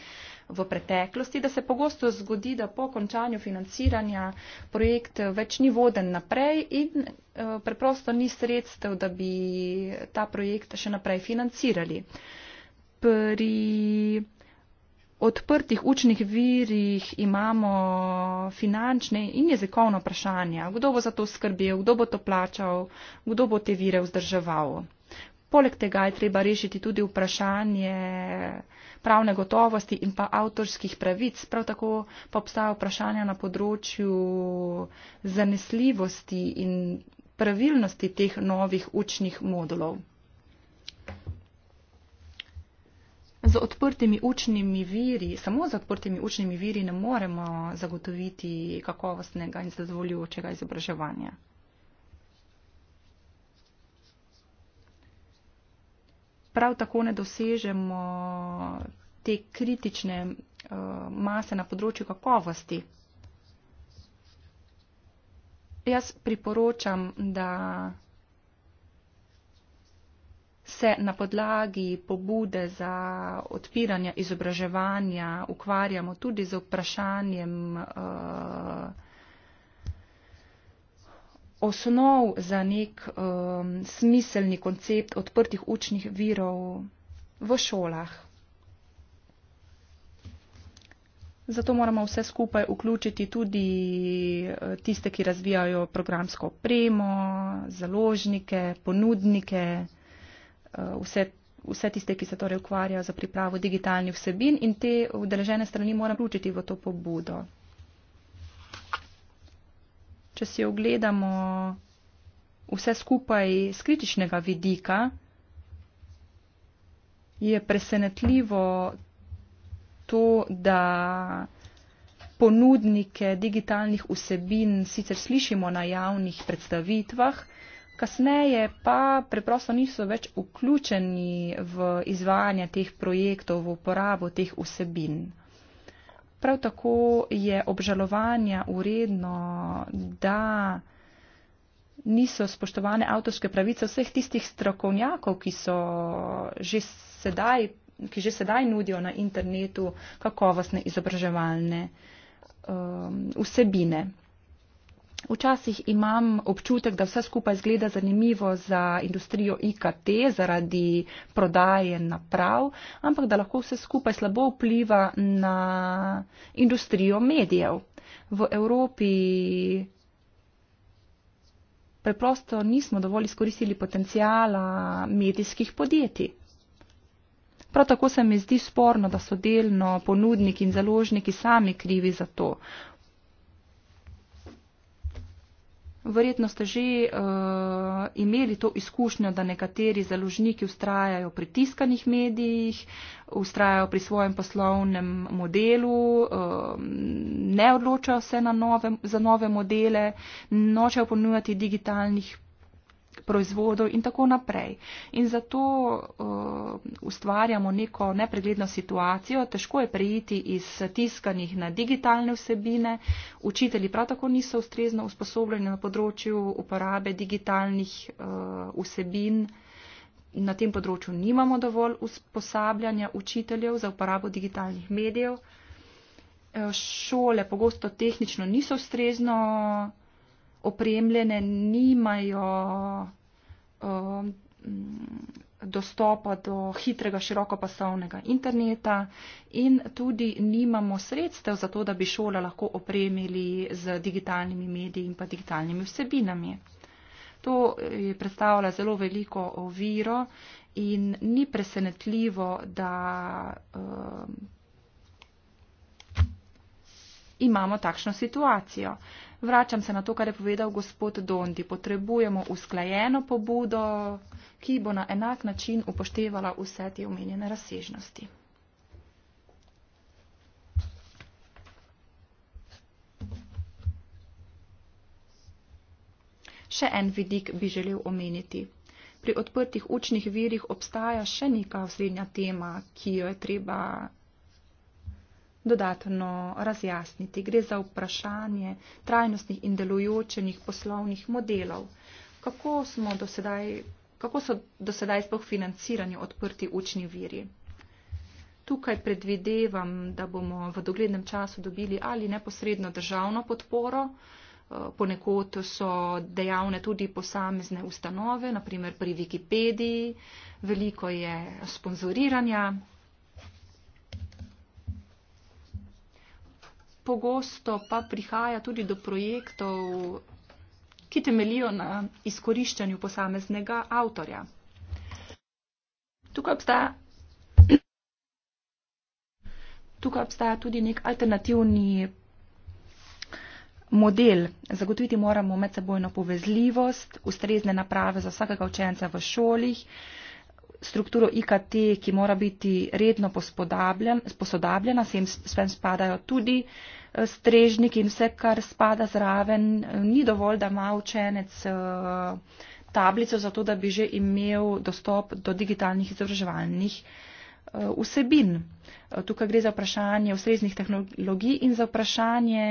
v preteklosti, da se pogosto zgodi, da po končanju financiranja projekt več ni voden naprej in eh, preprosto ni sredstev, da bi ta projekt še naprej financirali. Pri odprtih učnih virih imamo finančne in jezikovno vprašanje, kdo bo za to skrbel, kdo bo to plačal, kdo bo te vire vzdrževal. Poleg tega je treba rešiti tudi vprašanje pravne gotovosti in pa avtorskih pravic. Prav tako pa obstaja vprašanja na področju zanesljivosti in pravilnosti teh novih učnih modulov. z odprtimi učnimi viri, samo z odprtimi učnimi viri ne moremo zagotoviti kakovostnega in zadovoljujočega izobraževanja. Prav tako ne dosežemo te kritične uh, mase na področju kakovosti. Jaz priporočam, da se na podlagi pobude za odpiranje izobraževanja ukvarjamo tudi z vprašanjem uh, osnov za nek um, smiselni koncept odprtih učnih virov v šolah. Zato moramo vse skupaj vključiti tudi eh, tiste, ki razvijajo programsko opremo, založnike, ponudnike. Eh, vse, vse tiste, ki se torej ukvarjajo za pripravo digitalnih vsebin in te udeležene strani moram vključiti v to pobudo. Če si ogledamo vse skupaj z kritičnega vidika, je presenetljivo to, da ponudnike digitalnih vsebin sicer slišimo na javnih predstavitvah, kasneje pa preprosto niso več vključeni v izvajanje teh projektov, v uporabo teh vsebin. Prav tako je obžalovanja uredno, da niso spoštovane avtorske pravice vseh tistih strokovnjakov, ki so že sedaj, ki že sedaj nudijo na internetu kakovostne izobraževalne um, vsebine. Včasih imam občutek, da vse skupaj zgleda zanimivo za industrijo IKT zaradi prodaje naprav, ampak da lahko vse skupaj slabo vpliva na industrijo medijev. V Evropi preprosto nismo dovolj izkoristili potencijala medijskih podjetij. Prav tako se mi zdi sporno, da so delno ponudniki in založniki sami krivi za to. Verjetno ste že uh, imeli to izkušnjo, da nekateri založniki ustrajajo pri tiskanih medijih, ustrajajo pri svojem poslovnem modelu, uh, ne odločajo se nove, za nove modele, nočejo ponujati digitalnih proizvodov in tako naprej. In zato uh, ustvarjamo neko nepregledno situacijo, težko je prejiti iz tiskanih na digitalne vsebine, učitelji prav tako niso ustrezno usposobljeni na področju uporabe digitalnih uh, vsebin, na tem področju nimamo dovolj usposabljanja učiteljev za uporabo digitalnih medijev. Uh, šole pogosto tehnično niso ustrezno opremljene, nimajo um, dostopa do hitrega širokopasovnega interneta in tudi nimamo sredstev za to, da bi šola lahko opremili z digitalnimi mediji in pa digitalnimi vsebinami. To je eh, predstavlja zelo veliko oviro in ni presenetljivo, da um, imamo takšno situacijo. Uh, Vračam se na to, kar je povedal gospod Dondi. Potrebujemo usklajeno pobudo, ki bo na enak način upoštevala vse te omenjene razsežnosti. Še en vidik bi želel omeniti. Pri odprtih učnih virih obstaja še neka osrednja tema, ki jo je treba dodatno razjasniti. Gre za vprašanje trajnostnih in delujočenih poslovnih modelov. Kako, dosedaj, kako so do sedaj spoh financiranju odprti učni viri? Tukaj predvidevam, da bomo v doglednem času dobili ali neposredno državno podporo, eh, ponekod so dejavne tudi posamezne ustanove, naprimer pri Wikipediji, veliko je sponzoriranja, pogosto pa prihaja tudi do projektov, ki temelijo na izkoriščanju posameznega avtorja. Tukaj obstaja, tukaj obstaja tudi nek alternativni model. Zagotoviti moramo medsebojno povezljivost, ustrezne naprave za vsakega učenca v šolih strukturo IKT, ki mora biti redno posodabljena, sem, sem spadajo tudi eh, strežniki in vse, kar spada zraven. Eh, ni dovolj, da ima učenec eh, tablico za to, da bi že imel dostop do digitalnih izobraževalnih Eh, vsebin. Eh, tukaj gre za vprašanje ustreznih tehnologij in za vprašanje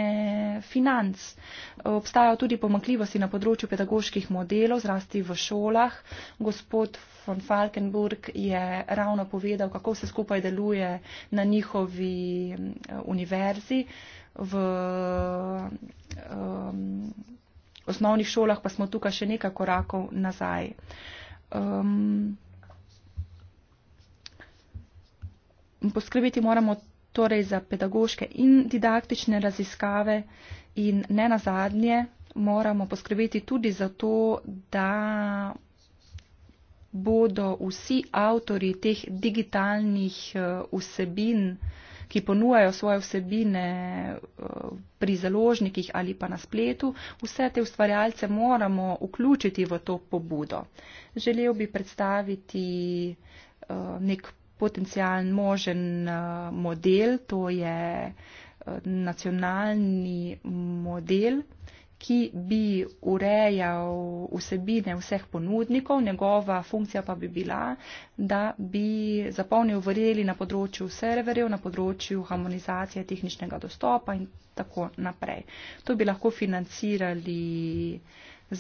financ. Eh, obstajajo tudi pomakljivosti na področju pedagoških modelov, zrasti v šolah. Gospod von Falkenburg je ravno povedal, kako se skupaj deluje na njihovi mm, univerzi. V um, osnovnih šolah pa smo tukaj še nekaj korakov nazaj. Um, poskrbeti moramo torej za pedagoške in didaktične raziskave in ne nazadnje moramo poskrbeti tudi za to, da bodo vsi avtori teh digitalnih eh, vsebin, ki ponujajo svoje vsebine eh, pri založnikih ali pa na spletu, vse te ustvarjalce moramo vključiti v to pobudo. Želel bi predstaviti eh, nek potencijalen možen eh, model, to je eh, nacionalni model, ki bi urejal vsebine vseh ponudnikov, njegova funkcija pa bi bila, da bi zapolnil vreli na področju serverjev, na področju harmonizacije tehničnega dostopa in tako naprej. To bi lahko financirali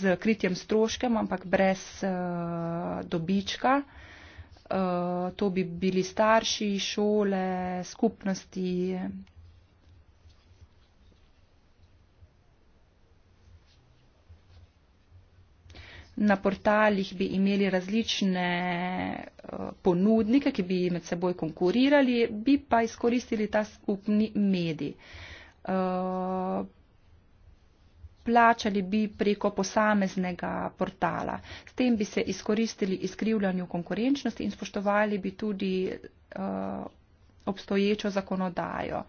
z kritjem stroškem, ampak brez uh, dobička. Eh, to bi bili starši, šole, skupnosti. Na portalih bi imeli različne eh, ponudnike, ki bi med seboj konkurirali, bi pa izkoristili ta skupni medij. Eh, plačali bi preko posameznega portala. S tem bi se izkoristili izkrivljanju konkurenčnosti in spoštovali bi tudi uh, obstoječo zakonodajo.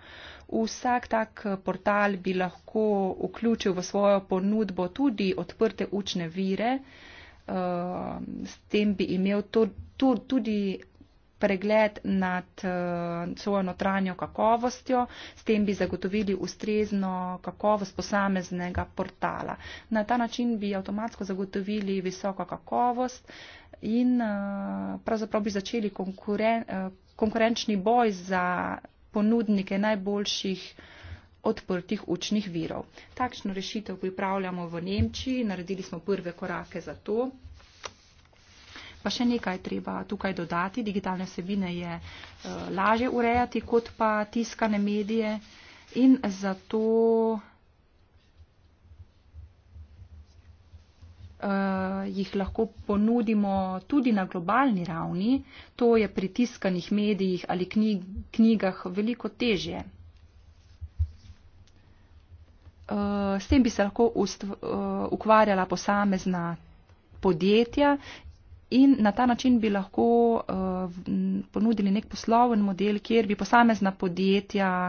Vsak tak eh, portal bi lahko vključil v svojo ponudbo tudi odprte učne vire. Uh, s tem bi imel to, to, tudi pregled nad eh, svojo notranjo kakovostjo, s tem bi zagotovili ustrezno kakovost posameznega portala. Na ta način bi avtomatsko zagotovili visoko kakovost in eh, pravzaprav bi začeli konkuren, eh, konkurenčni boj za ponudnike najboljših odprtih učnih virov. Takšno rešitev pripravljamo v Nemčiji, naredili smo prve korake za to. Pa še nekaj treba tukaj dodati. Digitalne vsebine je eh, lažje urejati kot pa tiskane medije in zato eh, jih lahko ponudimo tudi na globalni ravni. To je pri tiskanih medijih ali knjigah veliko težje. Eh, s tem bi se lahko ukvarjala posamezna podjetja in na ta način bi lahko uh, ponudili nek posloven model, kjer bi posamezna podjetja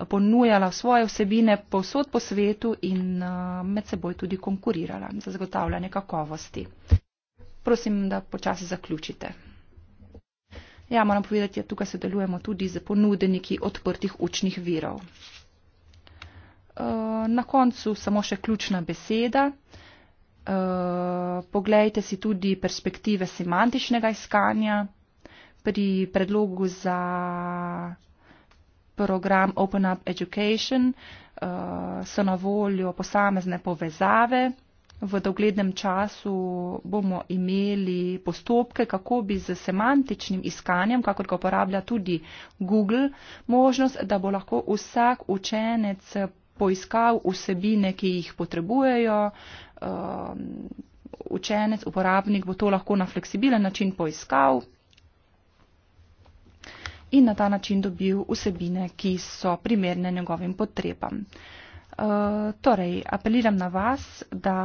eh, ponujala svoje vsebine povsod po svetu in uh, med seboj tudi konkurirala za zagotavljanje kakovosti. Prosim, da počasi zaključite. Ja, moram povedati, da ja, tukaj sodelujemo tudi z ponudniki odprtih učnih virov. Na koncu samo še ključna beseda. Eh, poglejte si tudi perspektive semantičnega iskanja pri predlogu za program Open Up Education. Uh, so na voljo posamezne povezave. V doglednem času bomo imeli postopke, kako bi z semantičnim iskanjem, kakor ga uporablja tudi Google, možnost, da bo lahko vsak učenec poiskal vsebine, ki jih potrebujejo. Um, učenec, uporabnik bo to lahko na fleksibilen način poiskal in na ta način dobil vsebine, ki so primerne njegovim potrebam. Uh, torej, apeliram na vas, da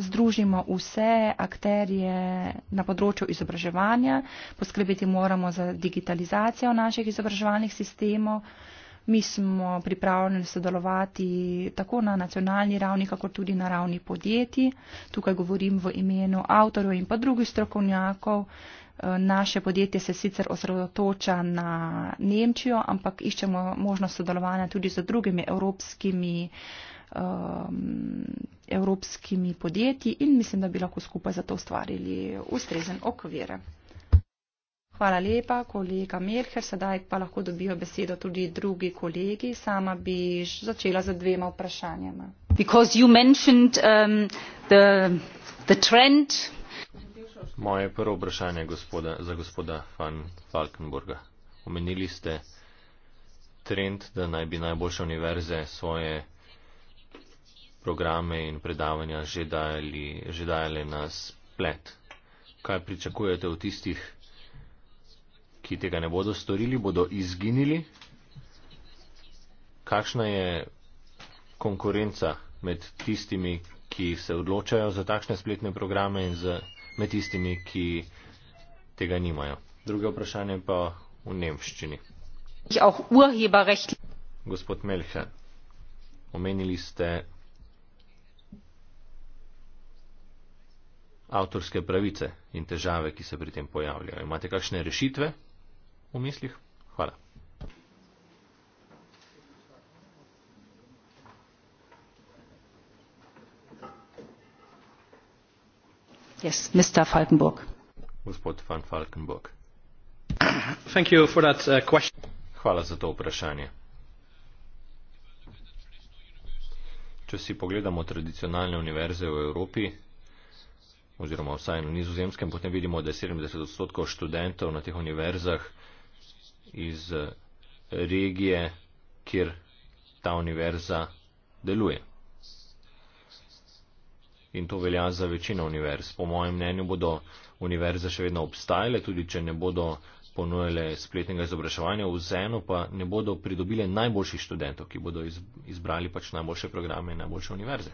združimo vse akterje na področju izobraževanja, poskrbeti moramo za digitalizacijo naših izobraževalnih sistemov. Uh, Mi smo pripravljeni sodelovati tako na nacionalni ravni, kako tudi na ravni podjetij. Tukaj govorim v imenu avtorjev in pa drugih strokovnjakov. Eh, naše podjetje se sicer osredotoča na Nemčijo, ampak iščemo možnost sodelovanja tudi z drugimi evropskimi, um, evropskimi podjetji in mislim, da bi lahko skupaj za to ustvarili ustrezen okvir. Hvala lepa, kolega Melher. Sedaj pa lahko dobijo besedo tudi drugi kolegi. Sama bi začela z dvema vprašanjama. Um, Moje prvo vprašanje gospoda, za gospoda Van Falkenburga. Omenili ste trend, da naj bi najboljše univerze svoje programe in predavanja že dajali, že dajali na splet. Kaj pričakujete od tistih? ki tega ne bodo storili, bodo izginili? Kakšna je konkurenca med tistimi, ki se odločajo za takšne spletne programe in med tistimi, ki tega nimajo? Druge vprašanje pa v nemščini. Gospod Melcher, omenili ste avtorske pravice in težave, ki se pri tem pojavljajo. Imate kakšne rešitve? v mislih. Hvala. Yes, Mr. Falkenburg. Gospod van Falkenburg. Thank you for that uh, question. Hvala za to vprašanje. Če si pogledamo tradicionalne univerze v Evropi, oziroma vsaj na nizozemskem, potem vidimo, da je 70 odstotkov študentov na teh univerzah iz eh, regije, kjer ta univerza deluje. In to velja za večino univerz. Po mojem mnenju bodo univerze še vedno obstajale, tudi če ne bodo ponujale spletnega izobraževanja, vseeno pa ne bodo pridobile najboljših študentov, ki bodo izbrali pač najboljše programe in najboljše univerze.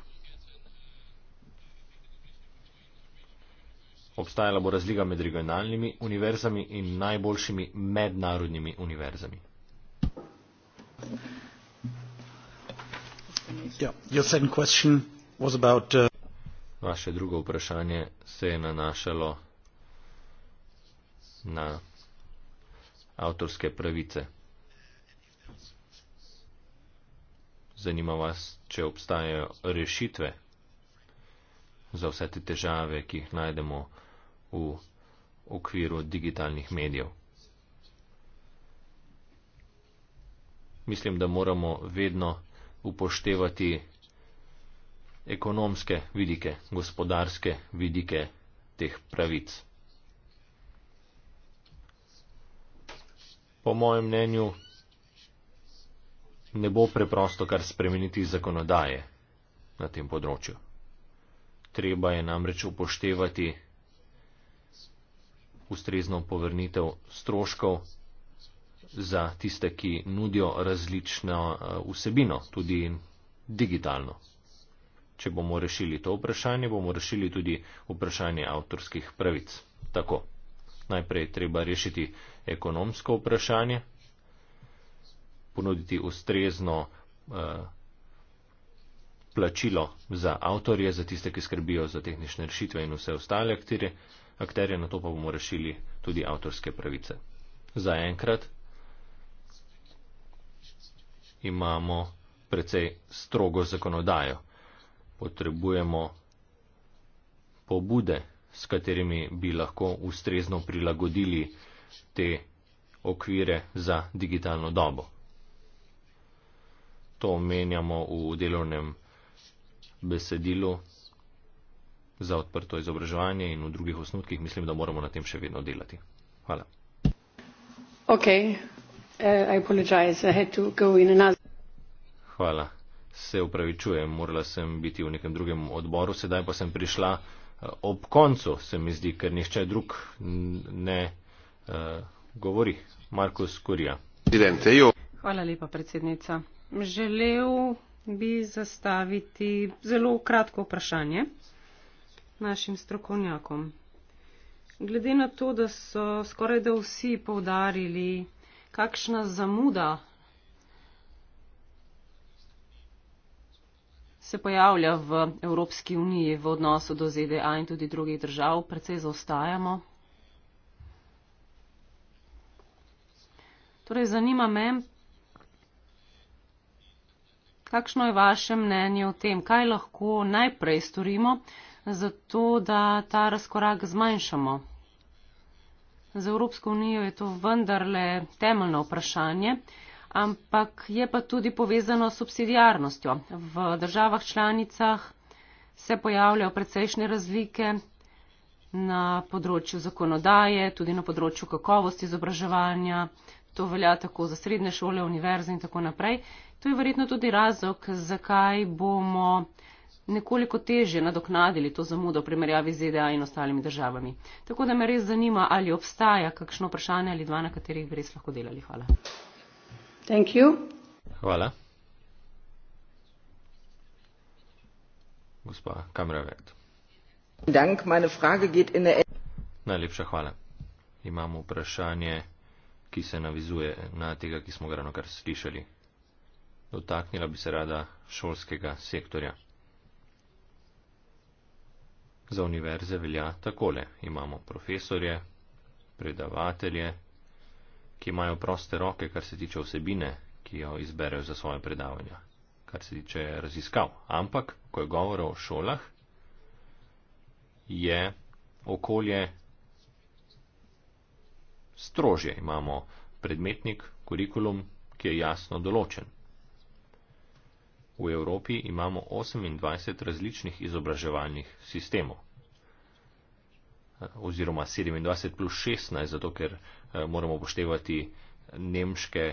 Obstajala bo razlika med regionalnimi univerzami in najboljšimi mednarodnimi univerzami. Uh, Vaše drugo vprašanje se je nanašalo na avtorske pravice. Zanima vas, če obstajajo rešitve za vse te težave, ki jih najdemo v v okviru digitalnih medijev. Mislim, da moramo vedno upoštevati ekonomske vidike, gospodarske vidike teh pravic. Po mojem mnenju ne bo preprosto kar spremeniti zakonodaje na tem področju. Treba je namreč upoštevati ustrezno povrnitev stroškov za tiste, ki nudijo različno eh, vsebino, tudi digitalno. Če bomo rešili to vprašanje, bomo rešili tudi vprašanje avtorskih pravic. Tako. Najprej treba rešiti ekonomsko vprašanje, ponuditi ustrezno eh, plačilo za avtorje, za tiste, ki skrbijo za tehnične rešitve in vse ostale aktire akterje na to pa bomo rešili tudi avtorske pravice. Za enkrat imamo precej strogo zakonodajo. Potrebujemo pobude, s katerimi bi lahko ustrezno prilagodili te okvire za digitalno dobo. To omenjamo v delovnem besedilu za odprto izobraževanje in v drugih osnutkih. Mislim, da moramo na tem še vedno delati. Hvala. Okay. Uh, Hvala. Se upravičujem, morala sem biti v nekem drugem odboru, sedaj pa sem prišla uh, ob koncu, se mi zdi, ker nišče drug ne uh, govori. Markus Kurija. Hvala lepa, predsednica. Želel bi zastaviti zelo kratko vprašanje našim strokovnjakom. Glede na to, da so skoraj da vsi povdarili, kakšna zamuda se pojavlja v Evropski uniji v odnosu do ZDA in tudi drugih držav, predvsej zaostajamo. Torej, zanima me, kakšno je vaše mnenje o tem, kaj lahko najprej storimo, zato, da ta razkorak zmanjšamo. Za Evropsko unijo je to vendarle temeljno vprašanje, ampak je pa tudi povezano s subsidijarnostjo. V državah članicah se pojavljajo precejšnje razlike na področju zakonodaje, tudi na področju kakovosti izobraževanja. To velja tako za srednje šole, univerze in tako naprej. To je verjetno tudi razlog, zakaj bomo nekoliko teže nadoknadili to zamudo v primerjavi z ZDA in ostalimi državami. Tako da me res zanima, ali obstaja kakšno vprašanje ali dva, na katerih bi res lahko delali. Hvala. Hvala. Gospa Kamravet. Najlepša hvala. Imamo vprašanje, ki se navizuje na tega, ki smo ga ravno kar slišali. Dotaknila bi se rada šolskega sektorja. Za univerze velja takole. Imamo profesorje, predavatelje, ki imajo proste roke, kar se tiče vsebine, ki jo izberejo za svoje predavanja, kar se tiče raziskav. Ampak, ko je govor o šolah, je okolje strožje. Imamo predmetnik, kurikulum, ki je jasno določen. V Evropi imamo 28 različnih izobraževalnih sistemov. Oziroma 27 plus 16, zato ker eh, moramo poštevati nemške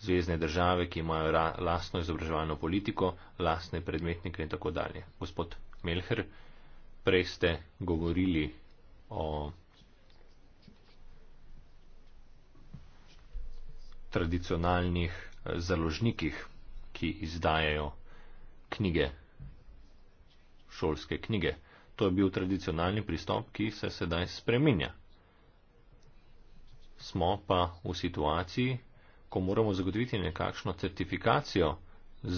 zvezdne države, ki imajo lastno izobraževalno politiko, lastne predmetnike in tako dalje. Gospod Melher, prej ste govorili o tradicionalnih eh, založnikih ki izdajajo knjige, šolske knjige. To je bil tradicionalni pristop, ki se sedaj spreminja. Smo pa v situaciji, ko moramo zagotoviti nekakšno certifikacijo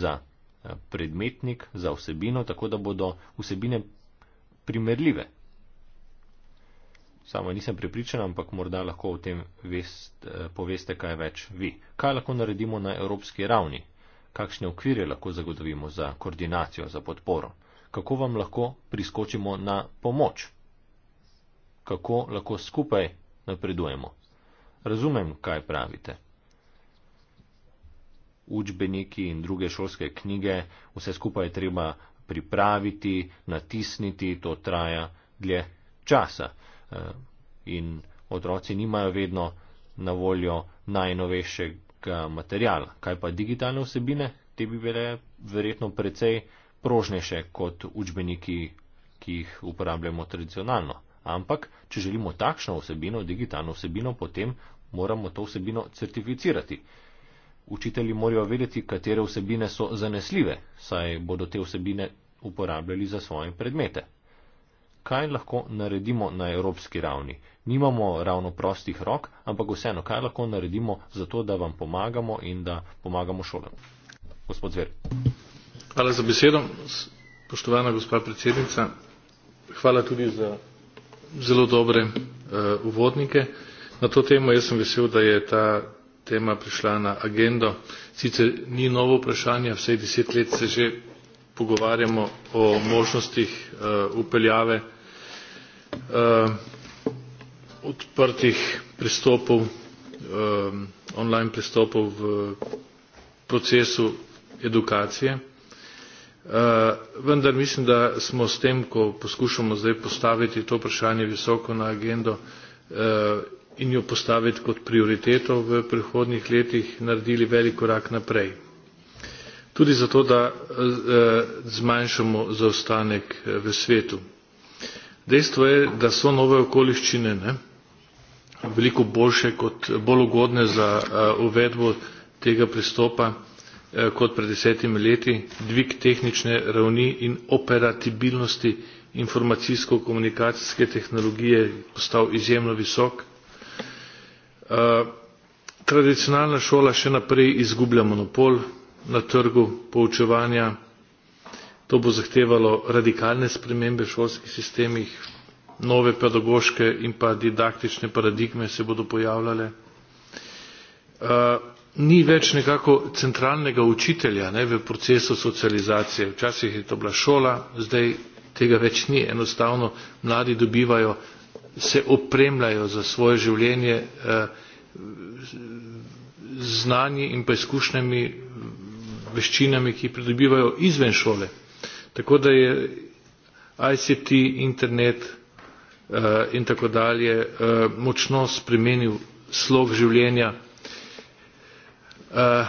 za eh, predmetnik, za vsebino, tako da bodo vsebine primerljive. Sama nisem prepričana, ampak morda lahko o tem vest, eh, poveste kaj več vi. Kaj lahko naredimo na evropski ravni? kakšne okvirje lahko zagotovimo za koordinacijo, za podporo, kako vam lahko priskočimo na pomoč, kako lahko skupaj napredujemo. Razumem, kaj pravite. Učbeniki in druge šolske knjige, vse skupaj je treba pripraviti, natisniti, to traja dlje časa. Eh, in otroci nimajo vedno na voljo najnovejšega material. Kaj pa digitalne vsebine? Te bi bile verjetno precej prožnejše kot učbeniki, ki jih uporabljamo tradicionalno. Ampak, če želimo takšno vsebino, digitalno vsebino, potem moramo to vsebino certificirati. Učitelji morajo vedeti, katere vsebine so zanesljive, saj bodo te vsebine uporabljali za svoje predmete kaj lahko naredimo na evropski ravni. Nimamo ravno prostih rok, ampak vseeno, kaj lahko naredimo za to, da vam pomagamo in da pomagamo šolam. Gospod Zver. Hvala za besedo, spoštovana gospa predsednica. Hvala tudi za zelo dobre uh, uvodnike. Na to temo jaz sem vesel, da je ta tema prišla na agendo. Sicer ni novo vprašanje, vse deset let se že pogovarjamo o možnostih uh, eh, upeljave Eh, odprtih pristopov eh, online pristopov v procesu edukacije eh, vendar mislim da smo s tem ko poskušamo zdaj postaviti to vprašanje visoko na agendo in jo postaviti kot prioriteto v prihodnjih letih naredili velik korak naprej tudi zato da zmanjšamo zaostanek v svetu dejstvo je da so nove okoliščine ne, veliko boljše kot bolj ugodne za uh, uvedbo tega pristopa uh, kot pred desetimi leti dvig tehnične ravni in operatibilnosti informacijsko komunikacijske tehnologije postal izjemno visok uh, tradicionalna šola še naprej izgublja monopol na trgu poučevanja to bo zahtevalo radikalne spremembe v šolskih sistemih nove pedagoške in pa didaktične paradigme se bodo pojavljale eh, ni več nekako centralnega učitelja ne, v procesu socializacije. Včasih je to bila šola, zdaj tega več ni. Enostavno mladi dobivajo, se opremljajo za svoje življenje eh, znanji in pa izkušnjami, veščinami, ki pridobivajo izven šole tako da je ICT, internet eh, in tako dalje eh, močno spremenil slog življenja eh,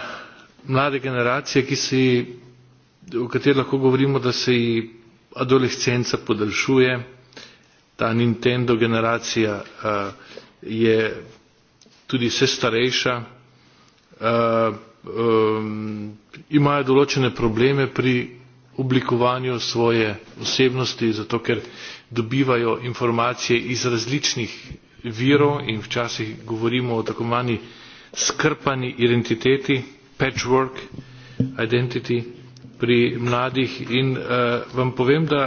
mlade generacije, ki se ji, o kateri lahko govorimo, da se ji adolescenca podaljšuje, ta Nintendo generacija je tudi vse starejša, imajo določene probleme pri oblikovanju svoje osebnosti zato ker dobivajo informacije iz različnih virov in včasih govorimo o tako imenovani skrpani identiteti patchwork identity pri mladih in uh, vam povem, da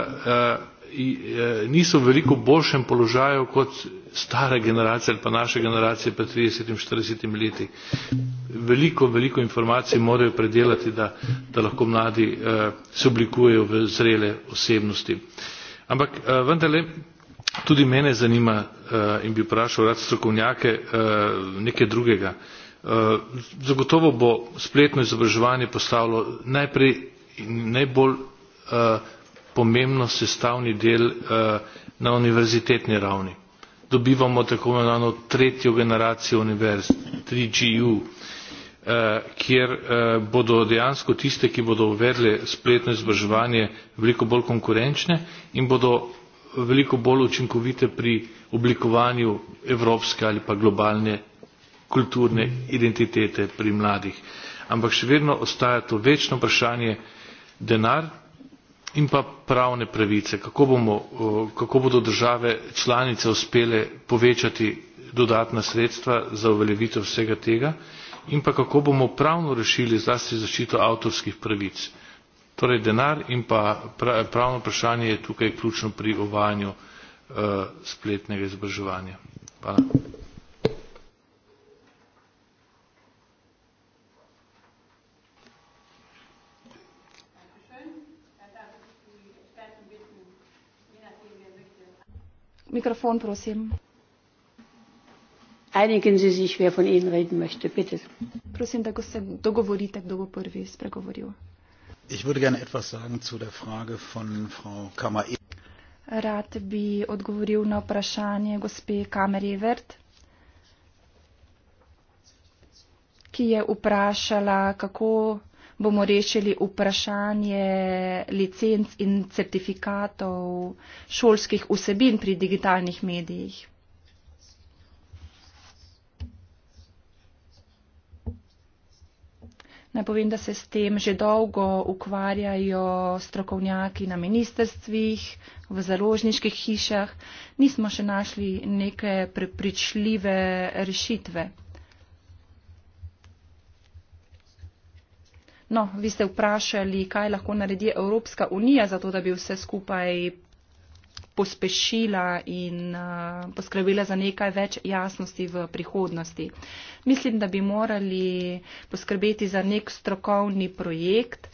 uh, i, uh, niso v veliko boljšem položaju kot stara generacija ali pa naša generacija pred 30-40 leti veliko veliko informacij morajo predelati da lahko mladi eh, se oblikujejo v zrele osebnosti. ampak eh, vendarle tudi mene zanima eh, in bi vprašal rad strokovnjake nekaj drugega. zagotovo bo spletno izobraževanje postalo najprej in najbolj pomembno sestavni del na univerzitetni ravni. dobivamo tako imenovano tretjo generacijo univerz tri g. Eh, kjer eh, bodo dejansko tiste ki bodo uvedle spletno izobraževanje veliko bolj konkurenčne in bodo veliko bolj učinkovite pri oblikovanju evropske ali pa globalne kulturne identitete pri mladih. Ampak še vedno ostaja to večno vprašanje denar in pa pravne pravice, kako, bomo, kako bodo države članice uspele povečati dodatna sredstva za uveljavitev vsega tega in pa kako bomo pravno rešili zlasti zaščito avtorskih pravic. torej denar in pa pravno vprašanje je tukaj ključno pri uvajanju eh, spletnega izobraževanja. Hvala. Mikrofon, prosim. Einigen Sie sich, wer von Ihnen reden möchte, bitte. Ich würde gerne etwas sagen zu der Frage von Frau Kammer-Evert. Rad bi odgovoril na vprašanje gospe Kamerevert, ki je vprašala, kako bomo rešili vprašanje licenc in certifikatov šolskih vsebin pri digitalnih medijih. Naj povem, da se s tem že dolgo ukvarjajo strokovnjaki na ministerstvih, v založniških hišah. Nismo še našli neke prepričljive rešitve. No, vi ste vprašali, kaj lahko naredi Evropska unija za to, da bi vse skupaj pospešila in eh, poskrbila za nekaj več jasnosti v prihodnosti. Mislim, da bi morali poskrbeti za nek strokovni projekt.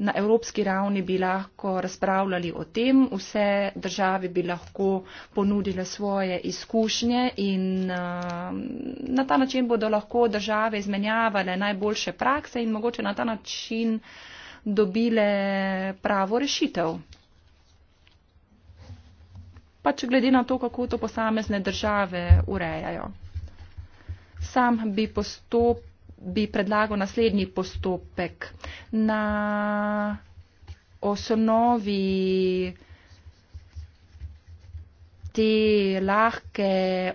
Na evropski ravni bi lahko razpravljali o tem, vse države bi lahko ponudile svoje izkušnje in eh, na ta način bodo lahko države izmenjavale najboljše prakse in mogoče na ta način dobile pravo rešitev pač glede na to, kako to posamezne države urejajo. Sam bi, postop, bi predlagal naslednji postopek. Na osnovi te lahke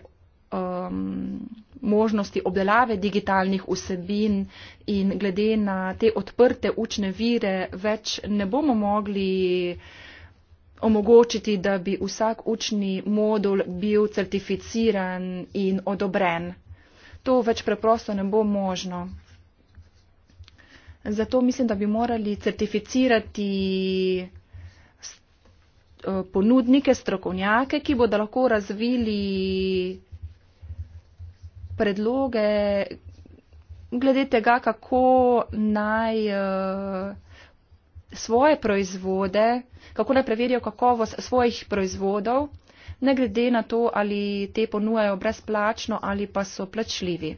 um, možnosti obdelave digitalnih vsebin in glede na te odprte učne vire več ne bomo mogli uh, omogočiti, da bi vsak učni modul bil certificiran in odobren. To več preprosto ne bo možno. Zato mislim, da bi morali certificirati eh, ponudnike, strokovnjake, ki bodo lahko razvili predloge glede tega, kako naj eh, svoje proizvode, kako naj preverijo kakovost svojih proizvodov, ne glede na to, ali te ponujajo brezplačno ali pa so plačljivi.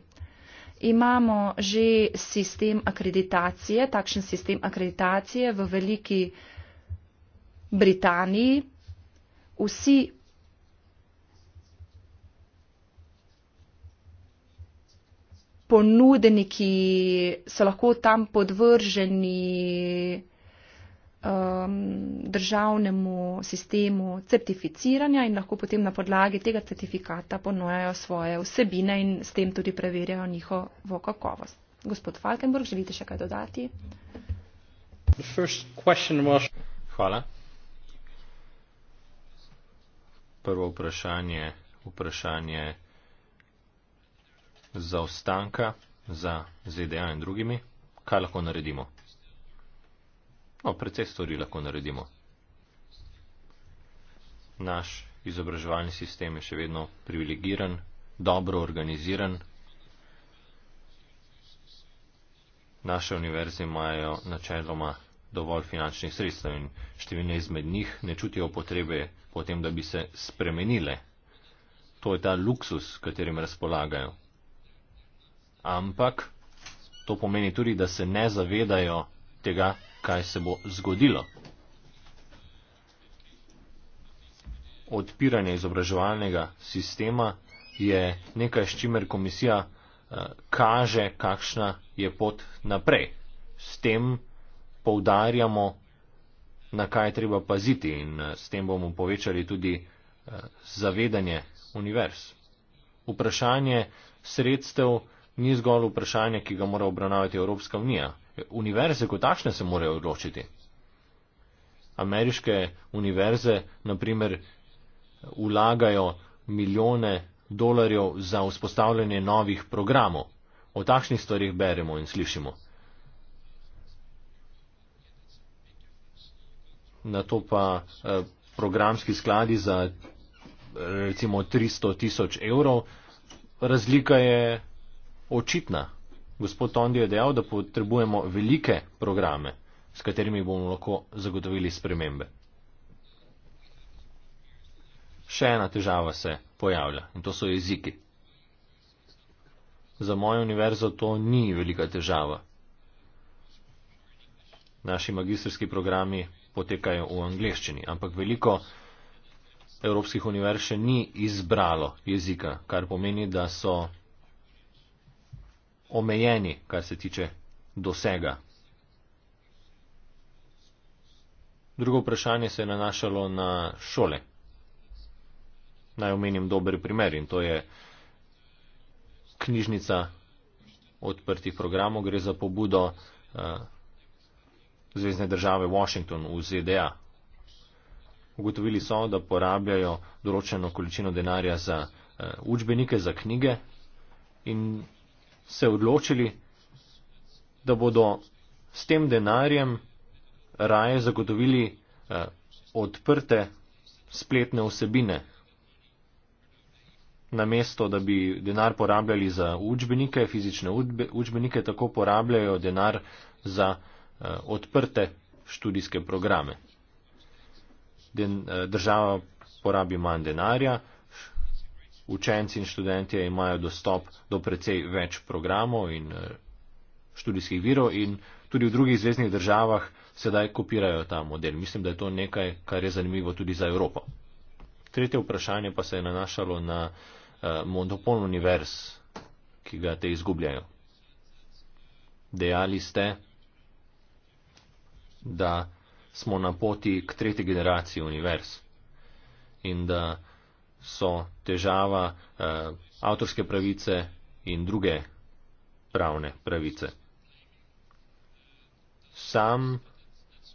Imamo že sistem akreditacije, takšen sistem akreditacije v Veliki Britaniji. Vsi ponudniki so lahko tam podvrženi um, državnemu sistemu certificiranja in lahko potem na podlagi tega certifikata ponujajo svoje vsebine in s tem tudi preverjajo njihovo kakovost. Gospod Falkenburg, želite še kaj dodati? Was... Hvala. Prvo vprašanje, vprašanje zaostanka za ZDA in drugimi. Kaj lahko naredimo? No, precej stvari lahko naredimo. Naš izobraževalni sistem je še vedno privilegiran, dobro organiziran. Naše univerze imajo načeloma dovolj finančnih sredstev in številne izmed njih ne čutijo potrebe potem, da bi se spremenile. To je ta luksus, katerim razpolagajo. Ampak to pomeni tudi, da se ne zavedajo tega, kaj se bo zgodilo. Odpiranje izobraževalnega sistema je nekaj, s čimer komisija eh, kaže, kakšna je pot naprej. S tem poudarjamo, na kaj je treba paziti in eh, s tem bomo povečali tudi eh, zavedanje univerz. Vprašanje sredstev ni zgolj vprašanje, ki ga mora obravnavati Evropska unija univerze kot takšne se morajo odločiti. Ameriške univerze, naprimer, ulagajo milijone dolarjev za vzpostavljanje novih programov. O takšnih stvarih beremo in slišimo. Na to pa eh, programski skladi za recimo 300 tisoč evrov, razlika je očitna. Gospod Tondi je dejal, da potrebujemo velike programe, s katerimi bomo lahko zagotovili spremembe. Še ena težava se pojavlja in to so jeziki. Za mojo univerzo to ni velika težava. Naši magistrski programi potekajo v angleščini, ampak veliko evropskih univerz še ni izbralo jezika, kar pomeni, da so omejeni, kar se tiče dosega. Drugo vprašanje se je nanašalo na šole. Naj omenim dober primer in to je knjižnica odprtih programov. Gre za pobudo uh, Zvezdne države Washington v ZDA. Ugotovili so, da porabljajo določeno količino denarja za uh, učbenike, za knjige in se odločili, da bodo s tem denarjem raje zagotovili eh, odprte spletne vsebine, namesto da bi denar porabljali za učbenike, fizične učbenike, tako porabljajo denar za eh, odprte študijske programe. Den, eh, država porabi manj denarja, učenci in študentje imajo dostop do precej več programov in eh, študijskih virov in tudi v drugih zvezdnih državah sedaj kopirajo ta model. Mislim, da je to nekaj, kar je zanimivo tudi za Evropo. Tretje vprašanje pa se je nanašalo na eh, monopol univerz, ki ga te izgubljajo. Dejali ste, da smo na poti k tretji generaciji univerz in da so težava eh, avtorske pravice in druge pravne pravice. Sam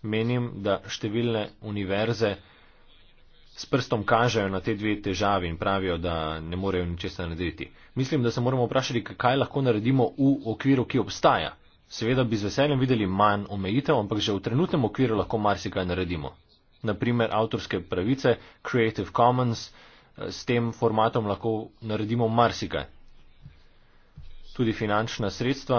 menim, da številne univerze s prstom kažejo na te dve težavi in pravijo, da ne morejo ničesar narediti. Mislim, da se moramo vprašati, kaj lahko naredimo v okviru, ki obstaja. Seveda bi z veseljem videli manj omejitev, ampak že v trenutnem okviru lahko marsikaj naredimo. Naprimer, avtorske pravice, Creative Commons, eh, s tem formatom lahko naredimo marsikaj. Tudi finančna sredstva,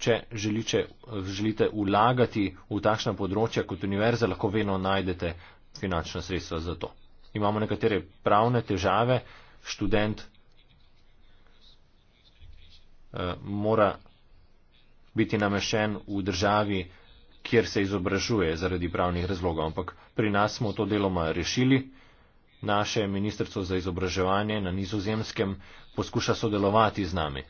če želite, želite ulagati v takšna področja kot univerza, lahko vedno najdete finančna sredstva za to. Imamo nekatere pravne težave, študent eh, mora biti namešen v državi, kjer se izobražuje zaradi pravnih razlogov, ampak pri nas smo to deloma rešili naše ministrstvo za izobraževanje na nizozemskem poskuša sodelovati z nami.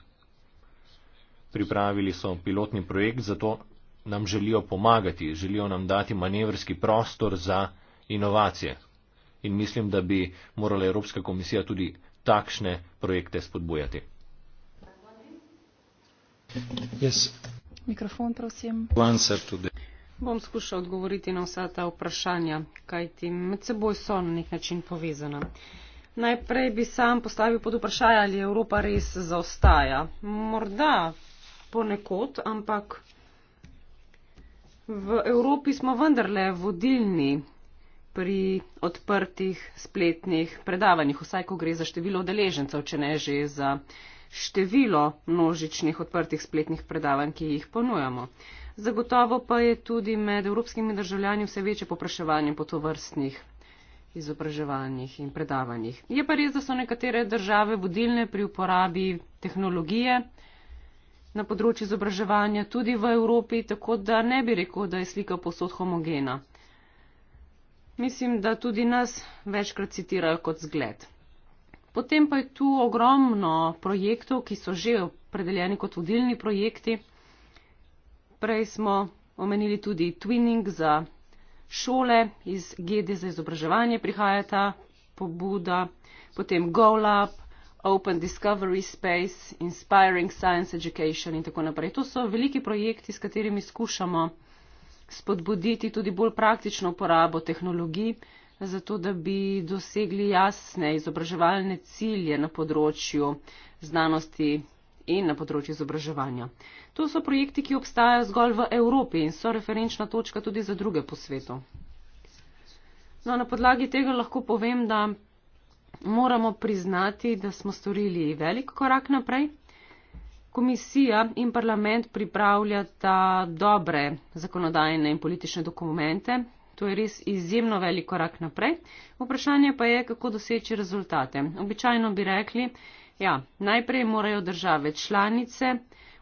Pripravili so pilotni projekt, zato nam želijo pomagati, želijo nam dati manevrski prostor za inovacije. In mislim, da bi morala Evropska komisija tudi takšne projekte spodbujati. Yes. Mikrofon, prosim bom skušal odgovoriti na vsa ta vprašanja, kajti med seboj so na nek način povezana. Najprej bi sam postavil pod vprašanje, ali Evropa res zaostaja. Morda ponekod, ampak v Evropi smo vendarle vodilni pri odprtih spletnih predavanjih, vsaj ko gre za število deležencev, če ne že za število množičnih odprtih spletnih predavanj, ki jih ponujamo. Uh, Zagotovo pa je tudi med evropskimi državljani vse večje popraševanje po to vrstnih izobraževanjih in predavanjih. Je pa res, da so nekatere države vodilne pri uporabi tehnologije na področju izobraževanja tudi v Evropi, tako da ne bi rekel, da je slika posod homogena. Mislim, da tudi nas večkrat citirajo kot zgled. Potem pa je tu ogromno projektov, ki so že opredeljeni kot vodilni projekti prej smo omenili tudi twinning za šole, iz GD za izobraževanje prihaja ta pobuda, potem GoLab, Open Discovery Space, Inspiring Science Education in tako naprej. To so veliki projekti, s katerimi skušamo spodbuditi tudi bolj praktično uporabo tehnologij, zato da bi dosegli jasne izobraževalne cilje na področju znanosti, in na področju izobraževanja. To so projekti, ki obstajajo zgolj v Evropi in so referenčna točka tudi za druge po svetu. No, na podlagi tega lahko povem, da moramo priznati, da smo storili velik korak naprej. Komisija in parlament pripravljata dobre zakonodajne in politične dokumente, To je res izjemno velik korak naprej. Vprašanje pa je, kako doseči rezultate. Običajno bi rekli, ja, najprej morajo države članice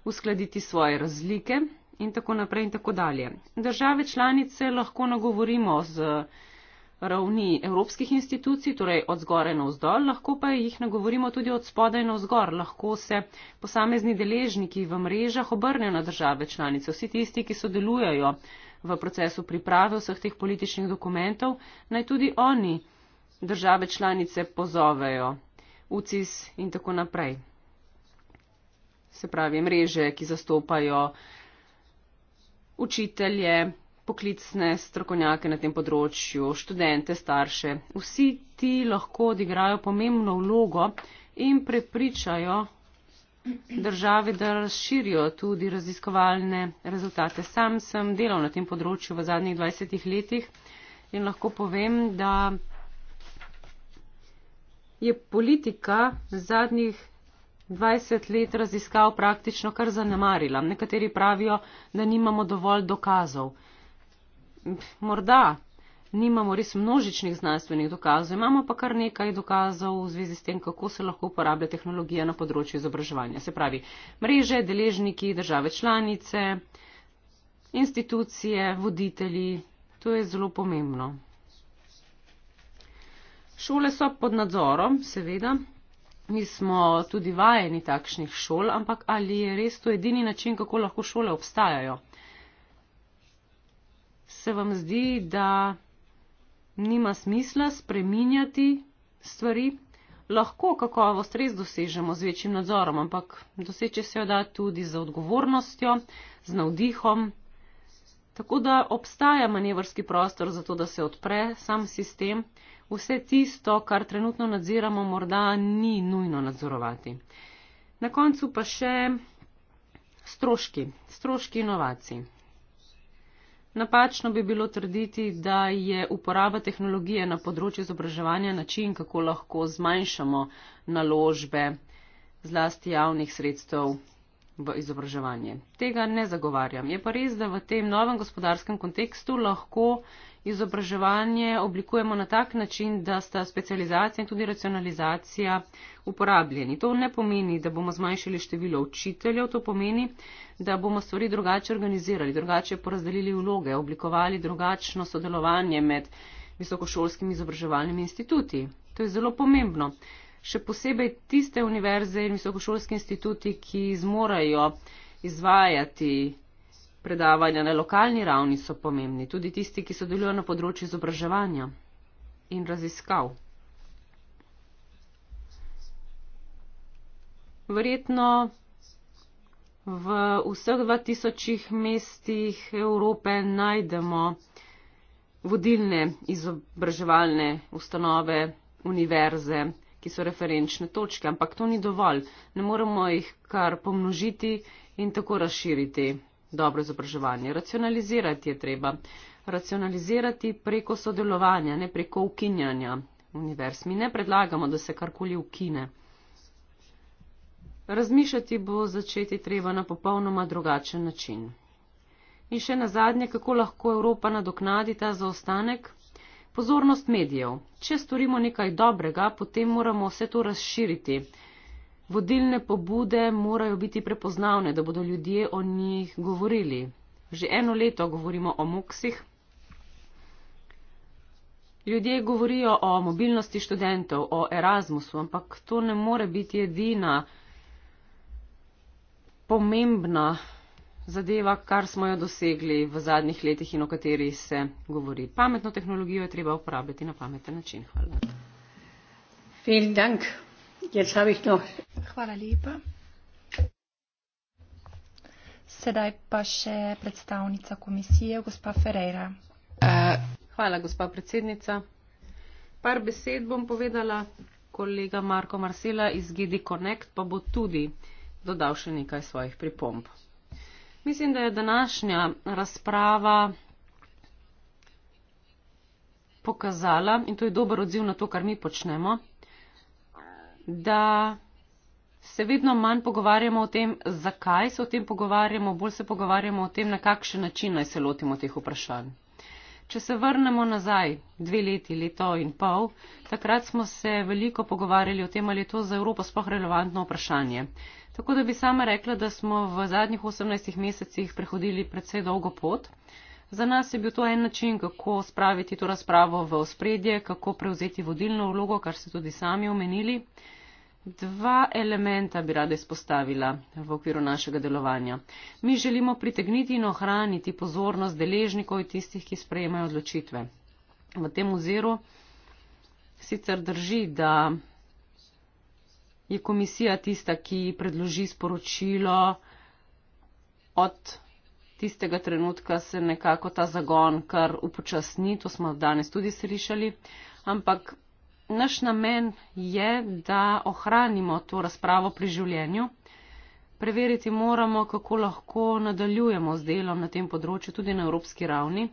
uskladiti svoje razlike in tako naprej in tako dalje. Države članice lahko nagovorimo z ravni evropskih institucij, torej od zgore na vzdolj, lahko pa jih nagovorimo tudi od spodaj na vzgor. Lahko se posamezni deležniki v mrežah obrnejo na države članice, vsi tisti, ki sodelujajo v procesu priprave vseh teh političnih dokumentov, naj tudi oni države članice pozovejo, UCIS in tako naprej. Se pravi, mreže, ki zastopajo učitelje, poklicne strokovnjake na tem področju, študente, starše. Vsi ti lahko odigrajo pomembno vlogo in prepričajo države, da razširijo tudi raziskovalne rezultate. Sam sem delal na tem področju v zadnjih 20 letih in lahko povem, da je politika zadnjih 20 let raziskav praktično kar zanemarila. Nekateri pravijo, da nimamo dovolj dokazov. Morda nimamo res množičnih znanstvenih dokazov, imamo pa kar nekaj dokazov v zvezi s tem, kako se lahko uporablja tehnologija na področju izobraževanja. Se pravi, mreže, deležniki, države članice, institucije, voditelji, to je zelo pomembno. Šole so pod nadzorom, seveda. Mi smo tudi vajeni takšnih šol, ampak ali je res to edini način, kako lahko šole obstajajo? Se vam zdi, da nima smisla spreminjati stvari. Lahko kakovost res dosežemo z večjim nadzorom, ampak doseče se jo da tudi z odgovornostjo, z navdihom. Tako da obstaja manevrski prostor za to, da se odpre sam sistem. Vse tisto, kar trenutno nadziramo, morda ni nujno nadzorovati. Na koncu pa še stroški, stroški inovacij. Napačno bi bilo trditi, da je uporaba tehnologije na področju izobraževanja način, kako lahko zmanjšamo naložbe zlasti javnih sredstev v izobraževanje. Tega ne zagovarjam. Je pa res, da v tem novem gospodarskem kontekstu lahko izobraževanje oblikujemo na tak način, da sta specializacija in tudi racionalizacija uporabljeni. To ne pomeni, da bomo zmanjšali število učiteljev, to pomeni, da bomo stvari drugače organizirali, drugače porazdelili vloge, oblikovali drugačno sodelovanje med visokošolskimi izobraževalnimi instituti. To je zelo pomembno. Še posebej tiste univerze in visokošolski instituti, ki zmorajo izvajati predavanja na lokalni ravni so pomembni, tudi tisti, ki sodelujo na področju izobraževanja in raziskav. Verjetno v vseh 2000 mestih Evrope najdemo vodilne izobraževalne ustanove, univerze, ki so referenčne točke, ampak to ni dovolj. Ne moremo jih kar pomnožiti in tako razširiti dobro izobraževanje. Racionalizirati je treba. Racionalizirati preko sodelovanja, ne preko ukinjanja univerz. Mi ne predlagamo, da se karkoli ukine. Razmišljati bo začeti treba na popolnoma drugačen način. In še na zadnje, kako lahko Evropa nadoknadi ta zaostanek? Pozornost medijev. Če storimo nekaj dobrega, potem moramo vse to razširiti. Vodilne pobude morajo biti prepoznavne, da bodo ljudje o njih govorili. Že eno leto govorimo o moksih. Ljudje govorijo o mobilnosti študentov, o Erasmusu, ampak to ne more biti edina pomembna zadeva, kar smo jo dosegli v zadnjih letih in o kateri se govori. Pametno tehnologijo je treba uporabljati na pameten način. Hvala. Vielen Dank. Hvala lepa. Sedaj pa še predstavnica komisije, gospa Ferreira. Hvala, gospa predsednica. Par besed bom povedala kolega Marko Marsela iz Gidi Connect, pa bo tudi dodal še nekaj svojih pripomb. Mislim, da je današnja razprava pokazala, in to je dober odziv na to, kar mi počnemo, da se vedno manj pogovarjamo o tem, zakaj se o tem pogovarjamo, bolj se pogovarjamo o tem, na kakšen način naj se lotimo teh vprašanj. Če se vrnemo nazaj dve leti, leto in pol, takrat smo se veliko pogovarjali o tem, ali je to za Evropo sploh relevantno vprašanje. Tako da bi sama rekla, da smo v zadnjih 18 mesecih prehodili predvsej dolgo pot. Za nas je bil to en način, kako spraviti to razpravo v ospredje, kako prevzeti vodilno vlogo, kar ste tudi sami omenili dva elementa bi rada izpostavila v okviru našega delovanja. Mi želimo pritegniti in ohraniti pozornost deležnikov in tistih, ki sprejemajo odločitve. V tem oziru sicer drži, da je komisija tista, ki predloži sporočilo od tistega trenutka se nekako ta zagon kar upočasni, to smo danes tudi slišali, ampak naš namen je, da ohranimo to razpravo pri življenju. Preveriti moramo, kako lahko nadaljujemo z delom na tem področju tudi na evropski ravni.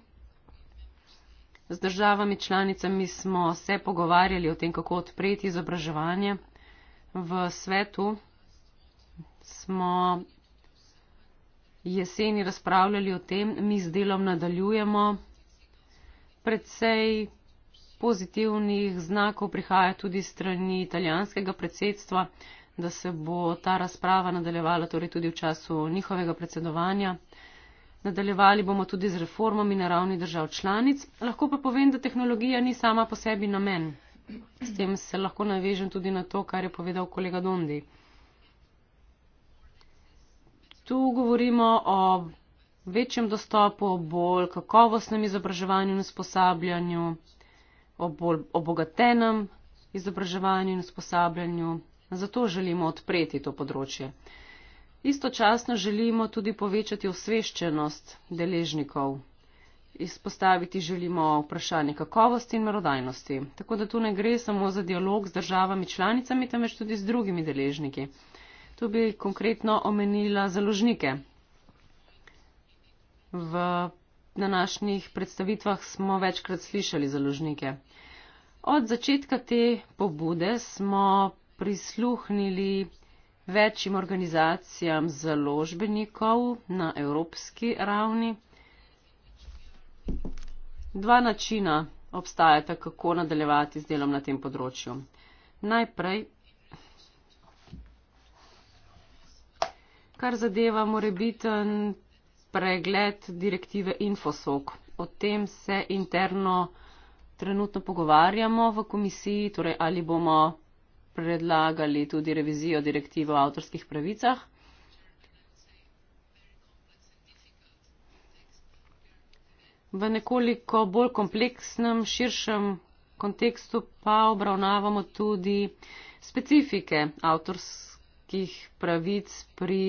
Z državami članicami smo se pogovarjali o tem, kako odpreti izobraževanje. V svetu smo jeseni razpravljali o tem, mi z delom nadaljujemo. Predvsej pozitivnih znakov prihaja tudi strani italijanskega predsedstva, da se bo ta razprava nadaljevala torej tudi v času njihovega predsedovanja. Nadaljevali bomo tudi z reformami na ravni držav članic, lahko pa povem, da tehnologija ni sama po sebi namen. S tem se lahko navežem tudi na to, kar je povedal kolega Dondi. Tu govorimo o večjem dostopu, bolj kakovostnem izobraževanju in usposabljanju, o bolj obogatenem izobraževanju in usposabljanju. Zato želimo odpreti to področje. Istočasno želimo tudi povečati osveščenost deležnikov. Izpostaviti želimo vprašanje kakovosti in merodajnosti. Tako da tu ne gre samo za dialog z državami članicami, temveč tudi z drugimi deležniki. Tu bi konkretno omenila založnike. V današnjih predstavitvah smo večkrat slišali založnike. Od začetka te pobude smo prisluhnili večjim organizacijam založbenikov na evropski ravni. Dva načina obstajata, kako nadaljevati z delom na tem področju. Najprej, kar zadeva morebiten pregled direktive Infosok. O tem se interno trenutno pogovarjamo v komisiji, torej ali bomo predlagali tudi revizijo direktive o avtorskih pravicah. V nekoliko bolj kompleksnem, širšem kontekstu pa obravnavamo tudi specifike avtorskih pravic pri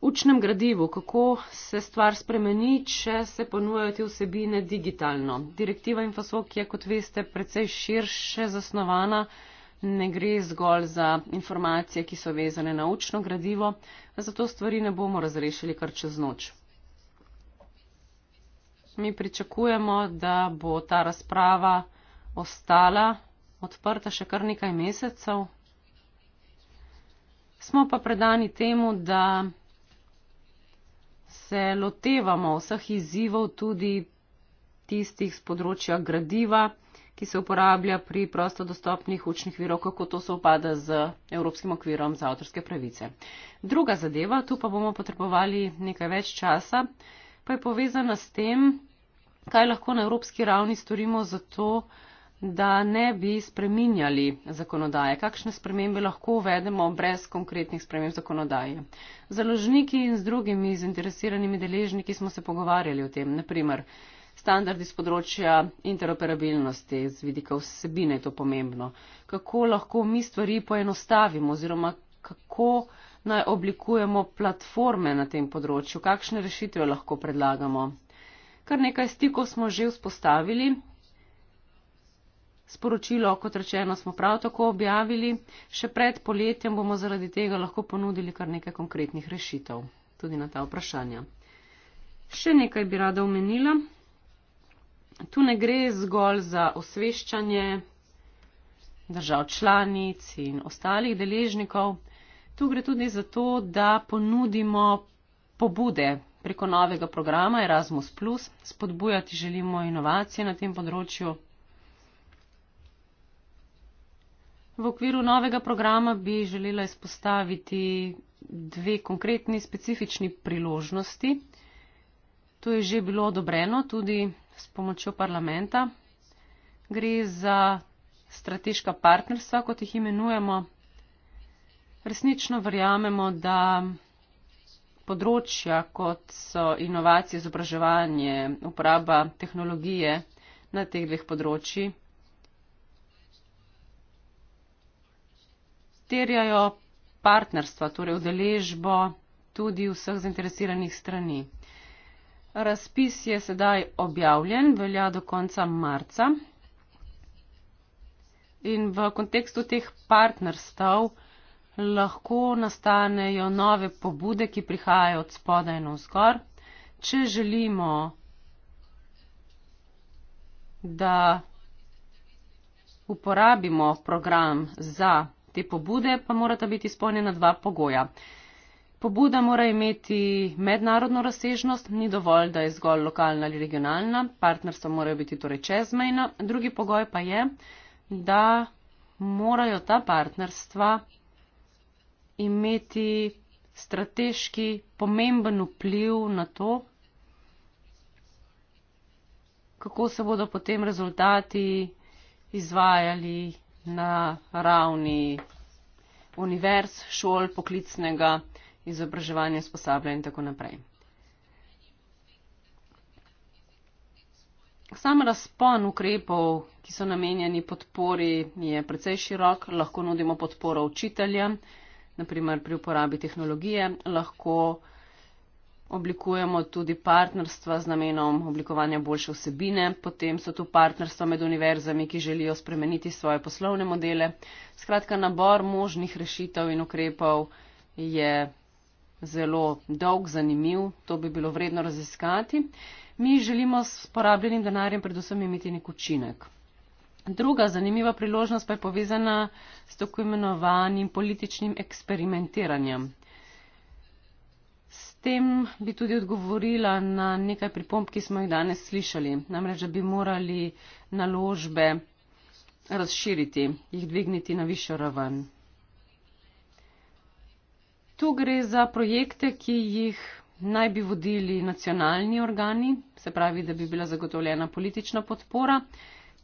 učnem gradivu, kako se stvar spremeni, če se ponujajo te vsebine digitalno. Direktiva InfoSoc je, kot veste, precej širše zasnovana, ne gre zgolj za informacije, ki so vezane na učno gradivo, zato stvari ne bomo razrešili kar čez noč. Mi pričakujemo, da bo ta razprava ostala odprta še kar nekaj mesecev. Smo pa predani temu, da se lotevamo vseh izzivov, tudi tistih z področja gradiva, ki se uporablja pri prosto dostopnih učnih virov, kako to se upada z Evropskim okvirom za avtorske pravice. Druga zadeva, tu pa bomo potrebovali nekaj več časa, pa je povezana s tem, kaj lahko na evropski ravni storimo za to, da ne bi spreminjali zakonodaje. Kakšne spremembe lahko uvedemo brez konkretnih sprememb zakonodaje? Založniki in z drugimi zainteresiranimi deležniki smo se pogovarjali o tem. Naprimer, standardi z področja interoperabilnosti, z vidika vsebine je to pomembno. Kako lahko mi stvari poenostavimo oziroma kako naj oblikujemo platforme na tem področju, kakšne rešitve lahko predlagamo. Kar nekaj stikov smo že vzpostavili, Sporočilo, kot rečeno, smo prav tako objavili. Še pred poletjem bomo zaradi tega lahko ponudili kar nekaj konkretnih rešitev tudi na ta vprašanja. Še nekaj bi rada omenila. Tu ne gre zgolj za osveščanje držav članic in ostalih deležnikov. Tu gre tudi za to, da ponudimo pobude preko novega programa Erasmus, spodbujati želimo inovacije na tem področju. V okviru novega programa bi želela izpostaviti dve konkretni specifični priložnosti. To je že bilo odobreno tudi s pomočjo parlamenta. Gre za strateška partnerstva, kot jih imenujemo. Resnično verjamemo, da področja, kot so inovacije, izobraževanje, uporaba tehnologije na teh dveh področjih, terjajo partnerstva, torej udeležbo tudi vseh zainteresiranih strani. Razpis je sedaj objavljen, velja do konca marca. In v kontekstu teh partnerstv lahko nastanejo nove pobude, ki prihajajo od spodaj na vzgor. Če želimo, da uporabimo program za te pobude pa morata biti izpolnjena dva pogoja. Pobuda mora imeti mednarodno razsežnost, ni dovolj, da je zgolj lokalna ali regionalna, partnerstva morajo biti torej čezmejna. Drugi pogoj pa je, da morajo ta partnerstva imeti strateški pomemben vpliv na to, kako se bodo potem rezultati izvajali na ravni univerz, šol, poklicnega izobraževanja, usposabljanja in tako naprej. Sam razpon ukrepov, ki so namenjeni podpori, je precej širok. Lahko nudimo podporo učiteljem, naprimer pri uporabi tehnologije, lahko oblikujemo tudi partnerstva z namenom oblikovanja boljše vsebine. Potem so tu partnerstva med univerzami, ki želijo spremeniti svoje poslovne modele. Skratka, nabor možnih rešitev in ukrepov je zelo dolg, zanimiv. To bi bilo vredno raziskati. Mi želimo s porabljenim denarjem predvsem imeti nek učinek. Druga zanimiva priložnost pa je povezana s tako imenovanim političnim eksperimentiranjem tem bi tudi odgovorila na nekaj pripomb, ki smo jih danes slišali. Namreč, da bi morali naložbe razširiti, jih dvigniti na višjo raven. Tu gre za projekte, ki jih naj bi vodili nacionalni organi, se pravi, da bi bila zagotovljena politična podpora.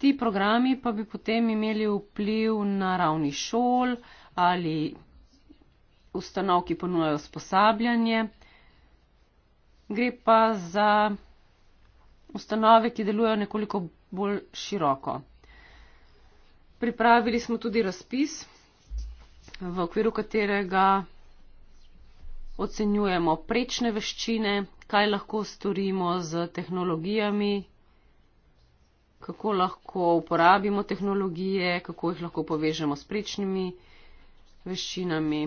Ti programi pa bi potem imeli vpliv na ravni šol ali ustanov, ki ponujajo sposabljanje gre pa za ustanove, ki delujejo nekoliko bolj široko. Pripravili smo tudi razpis, v okviru katerega ocenjujemo prečne veščine, kaj lahko storimo z tehnologijami, kako lahko uporabimo tehnologije, kako jih lahko povežemo s prečnimi veščinami.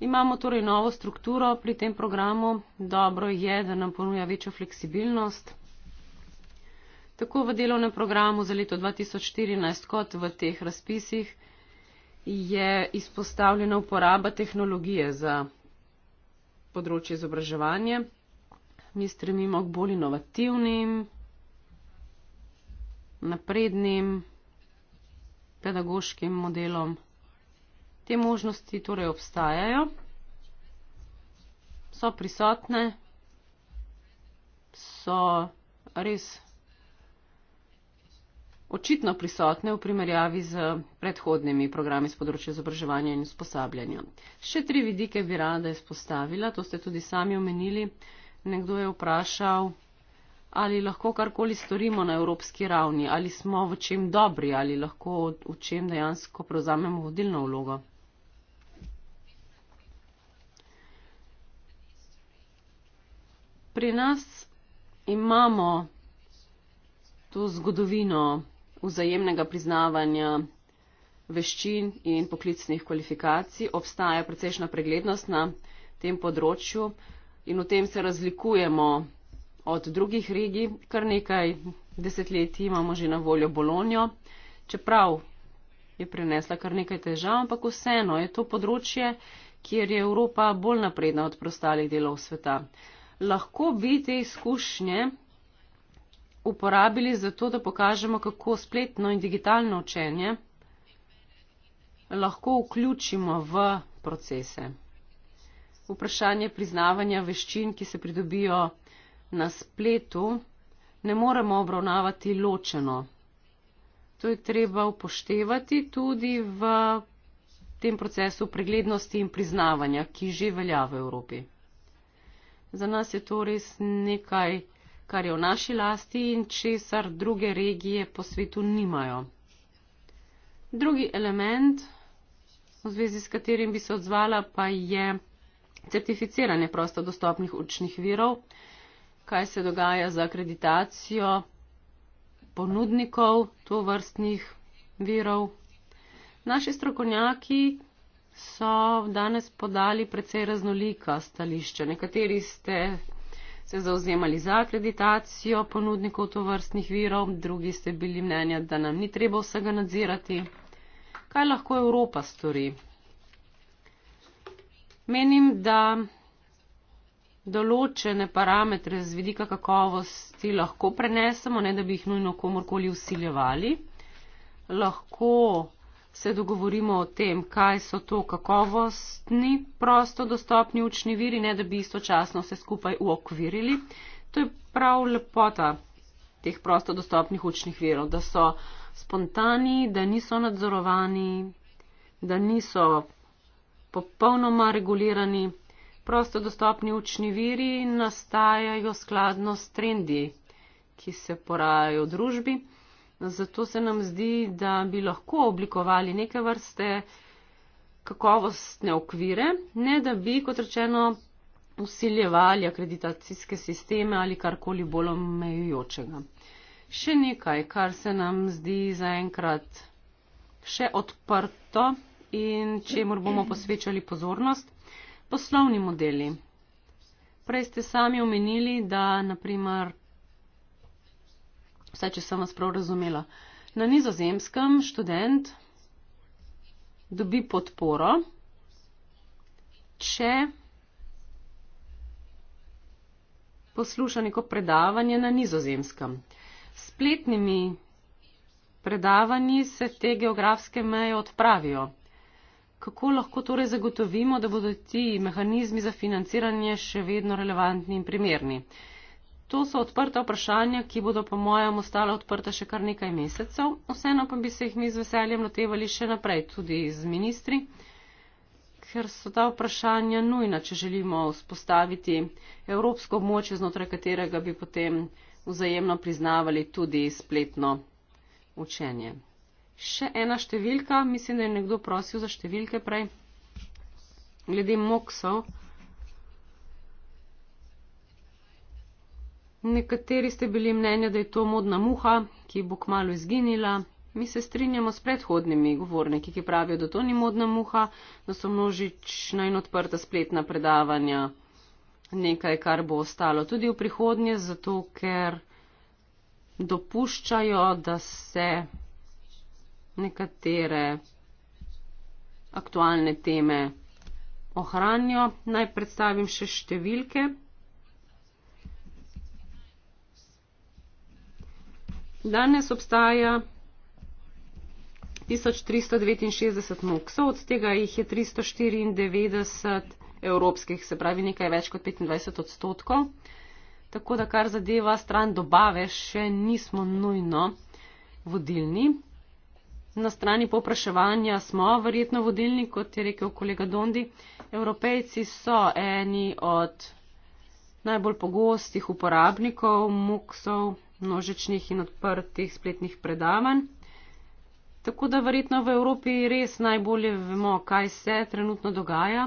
Imamo torej novo strukturo pri tem programu. Dobro je, da nam ponuja večjo fleksibilnost. Tako v delovnem programu za leto 2014 kot v teh razpisih je izpostavljena uporaba tehnologije za področje izobraževanja. Mi stremimo k bolj inovativnim, naprednim pedagoškim modelom. Te možnosti torej obstajajo, so prisotne, so res očitno prisotne v primerjavi z predhodnimi programi z področja izobraževanja in usposabljanja. Še tri vidike bi rada izpostavila, to ste tudi sami omenili. Nekdo je vprašal, ali lahko karkoli storimo na evropski ravni, ali smo v čem dobri, ali lahko v čem dejansko prevzamemo vodilno vlogo. pri nas imamo to zgodovino vzajemnega priznavanja veščin in poklicnih kvalifikacij, obstaja precejšna preglednost na tem področju in v tem se razlikujemo od drugih regij. Kar nekaj desetletij imamo že na voljo Bolonjo, čeprav je prinesla kar nekaj težav, ampak vseeno je to področje, kjer je Evropa bolj napredna od prostalih delov sveta lahko bi te izkušnje uporabili za to, da pokažemo, kako spletno in digitalno učenje lahko vključimo v procese. Vprašanje priznavanja veščin, ki se pridobijo na spletu, ne moremo obravnavati ločeno. To je treba upoštevati tudi v tem procesu preglednosti in priznavanja, ki že velja v Evropi. Za nas je to res nekaj, kar je v naši lasti in česar druge regije po svetu nimajo. Drugi element, v zvezi s katerim bi se odzvala, pa je certificiranje prosto dostopnih učnih virov, kaj se dogaja za akreditacijo ponudnikov to vrstnih virov. Naši strokovnjaki so danes podali precej raznolika stališča. Nekateri ste se zauzemali za akreditacijo ponudnikov tovrstnih virov, drugi ste bili mnenja, da nam ni treba vsega nadzirati. Kaj lahko Evropa stori? Menim, da določene parametre z vidika kakovosti lahko prenesemo, ne da bi jih nujno komorkoli usiljevali. Lahko se dogovorimo o tem, kaj so to kakovostni prosto dostopni učni viri, ne da bi istočasno vse skupaj uokvirili. To je prav lepota teh prosto dostopnih učnih virov, da so spontani, da niso nadzorovani, da niso popolnoma regulirani. Prosto dostopni učni viri nastajajo skladno s trendi, ki se porajajo v družbi. Zato se nam zdi, da bi lahko oblikovali neke vrste kakovostne okvire, ne da bi, kot rečeno, usiljevali akreditacijske sisteme ali karkoli bolj omejujočega. Še nekaj, kar se nam zdi zaenkrat še odprto in čemur bomo posvečali pozornost, poslovni modeli. Prej ste sami omenili, da naprimer vsaj če sem vas prav razumela. Na nizozemskem študent dobi podporo, če posluša neko predavanje na nizozemskem. Spletnimi predavanji se te geografske meje odpravijo. Kako lahko torej zagotovimo, da bodo ti mehanizmi za financiranje še vedno relevantni in primerni? Uh, To so odprta vprašanja, ki bodo po mojem ostala odprta še kar nekaj mesecev, vseeno pa bi se jih mi z veseljem lotevali še naprej, tudi z ministri, ker so ta vprašanja nujna, če želimo vzpostaviti evropsko območje, znotraj katerega bi potem vzajemno priznavali tudi spletno učenje. Še ena številka, mislim, da je nekdo prosil za številke prej, glede moksov. Nekateri ste bili mnenja, da je to modna muha, ki bo kmalo izginila. Mi se strinjamo s predhodnimi govorniki, ki pravijo, da to ni modna muha, da so množična in odprta spletna predavanja nekaj, kar bo ostalo tudi v prihodnje, zato ker dopuščajo, da se nekatere aktualne teme ohranijo. Naj predstavim še številke. Danes obstaja 1369 moksov, od tega jih je 394 evropskih, se pravi nekaj več kot 25 odstotkov. Tako da kar zadeva stran dobave, še nismo nujno vodilni. Na strani popraševanja smo verjetno vodilni, kot je rekel kolega Dondi. Evropejci so eni od najbolj pogostih uporabnikov moksov množičnih in odprtih spletnih predavanj. Tako da verjetno v Evropi res najbolje vemo, kaj se trenutno dogaja.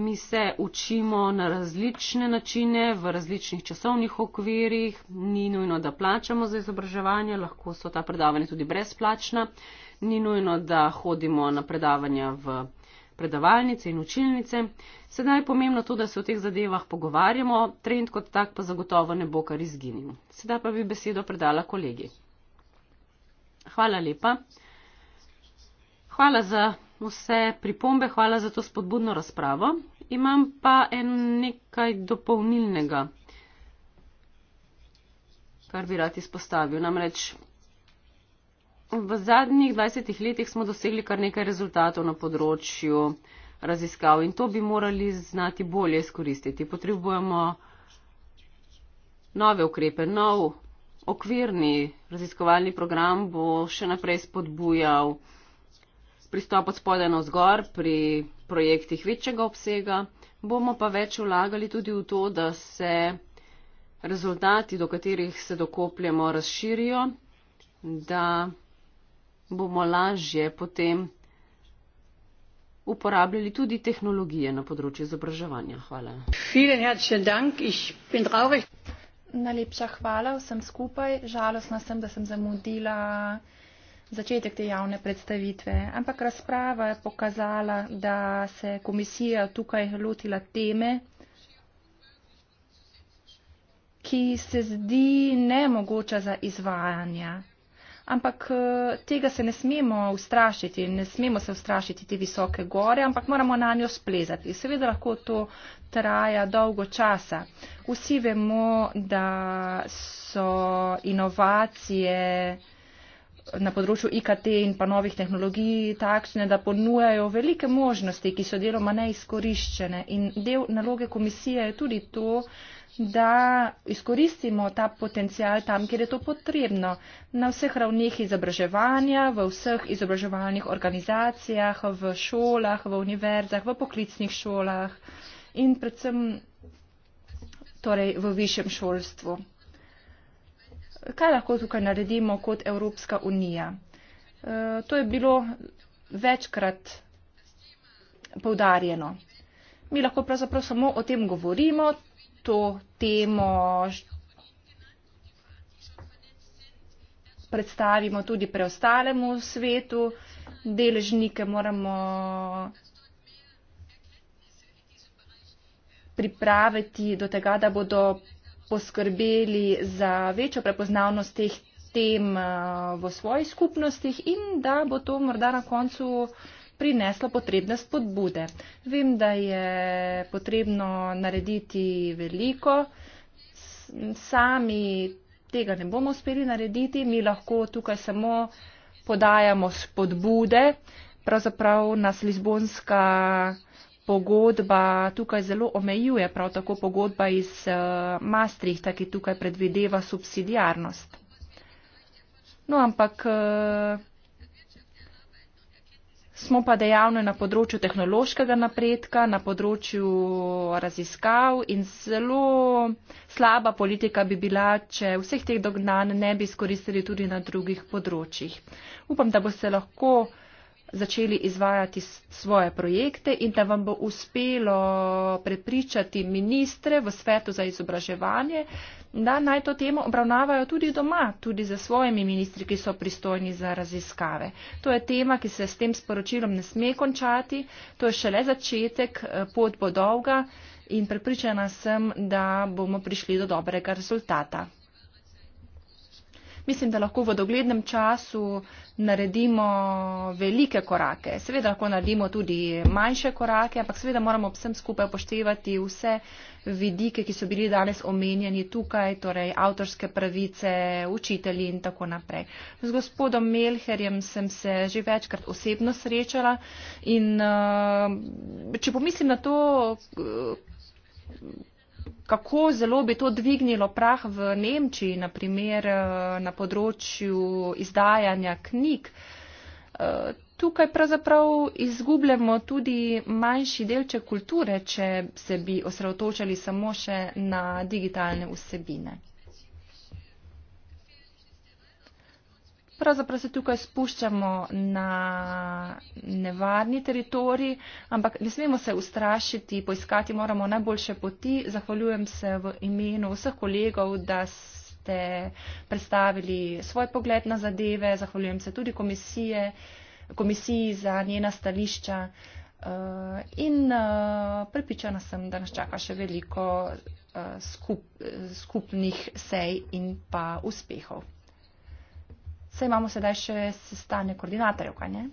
Mi se učimo na različne načine, v različnih časovnih okvirih, ni nujno, da plačamo za izobraževanje, lahko so ta predavanja tudi brezplačna, ni nujno, da hodimo na predavanja v predavalnice in učilnice. Sedaj je pomembno to, da se o teh zadevah pogovarjamo, trend kot tak pa zagotovo ne bo kar izginil. Sedaj pa bi besedo predala kolegi. Hvala lepa. Hvala za vse pripombe, hvala za to spodbudno razpravo. Imam pa en nekaj dopolnilnega, kar bi rad izpostavil. Namreč v zadnjih 20 letih smo dosegli kar nekaj rezultatov na področju raziskav in to bi morali znati bolje izkoristiti. Potrebujemo nove ukrepe, nov okvirni raziskovalni program bo še naprej spodbujal pristop od spodaj na vzgor pri projektih večjega obsega. Bomo pa več vlagali tudi v to, da se rezultati, do katerih se dokopljamo, razširijo, da bomo lažje potem uporabljali tudi tehnologije na področju izobraževanja. Hvala. Najlepša hvala vsem skupaj. Žalostna sem, da sem zamudila začetek te javne predstavitve. Ampak razprava je pokazala, da se je komisija tukaj lotila teme, ki se zdi nemogoča za izvajanje ampak eh, tega se ne smemo ustrašiti, ne smemo se ustrašiti te visoke gore, ampak moramo na njo splezati. Seveda lahko to traja dolgo časa. Vsi vemo, da so inovacije na področju IKT in pa novih tehnologij takšne, da ponujajo velike možnosti, ki so deloma neizkoriščene. In del naloge komisije je tudi to, da izkoristimo ta potencial tam, kjer je to potrebno. Na vseh ravnih izobraževanja, v vseh izobraževalnih organizacijah, v šolah, v univerzah, v poklicnih šolah in predvsem torej, v višjem šolstvu. Kaj lahko tukaj naredimo kot Evropska unija? E, to je bilo večkrat poudarjeno. Mi lahko pravzaprav samo o tem govorimo, to temo predstavimo tudi preostalemu svetu. Deležnike moramo pripraviti do tega, da bodo poskrbeli za večjo prepoznavnost teh tem eh, v svojih skupnostih in da bo to morda na koncu prinesla potrebne spodbude. Vem, da je potrebno narediti veliko, sami tega ne bomo uspeli narediti, mi lahko tukaj samo podajamo spodbude. Pravzaprav nas Lizbonska pogodba tukaj zelo omejuje, prav tako pogodba iz eh, Maastrichta, ki tukaj predvideva subsidijarnost. No, ampak eh, smo pa dejavni na področju tehnološkega napredka, na področju raziskav in zelo slaba politika bi bila, če vseh teh dognanj ne bi izkoristili tudi na drugih področjih. Upam, da boste lahko začeli izvajati svoje projekte in da vam bo uspelo prepričati ministre v svetu za izobraževanje, da naj to temo obravnavajo tudi doma, tudi za svojimi ministri, ki so pristojni za raziskave. To je tema, ki se s tem sporočilom ne sme končati, to je šele začetek, eh, pot bo dolga in prepričana sem, da bomo prišli do dobrega rezultata mislim, da lahko v doglednem času naredimo velike korake. Seveda lahko naredimo tudi manjše korake, ampak seveda moramo vsem skupaj poštevati vse vidike, ki so bili danes omenjeni tukaj, torej avtorske pravice, učitelji in tako naprej. Z gospodom Melherjem sem se že večkrat osebno srečala in eh, če pomislim na to, kako zelo bi to dvignilo prah v Nemčiji, naprimer eh, na področju izdajanja knjig. Eh, tukaj pravzaprav izgubljamo tudi manjši delček kulture, če se bi osredotočali samo še na digitalne vsebine. pravzaprav se tukaj spuščamo na nevarni teritorij, ampak ne smemo se ustrašiti, poiskati moramo najboljše poti. Zahvaljujem se v imenu vseh kolegov, da ste predstavili svoj pogled na zadeve. Zahvaljujem se tudi komisije, komisiji za njena stališča. Eh, in eh, pripričana sem, da nas čaka še veliko eh, skup, skupnih sej in pa uspehov. Se imamo sedaj še sestanek koordinatorjev, kaj ne?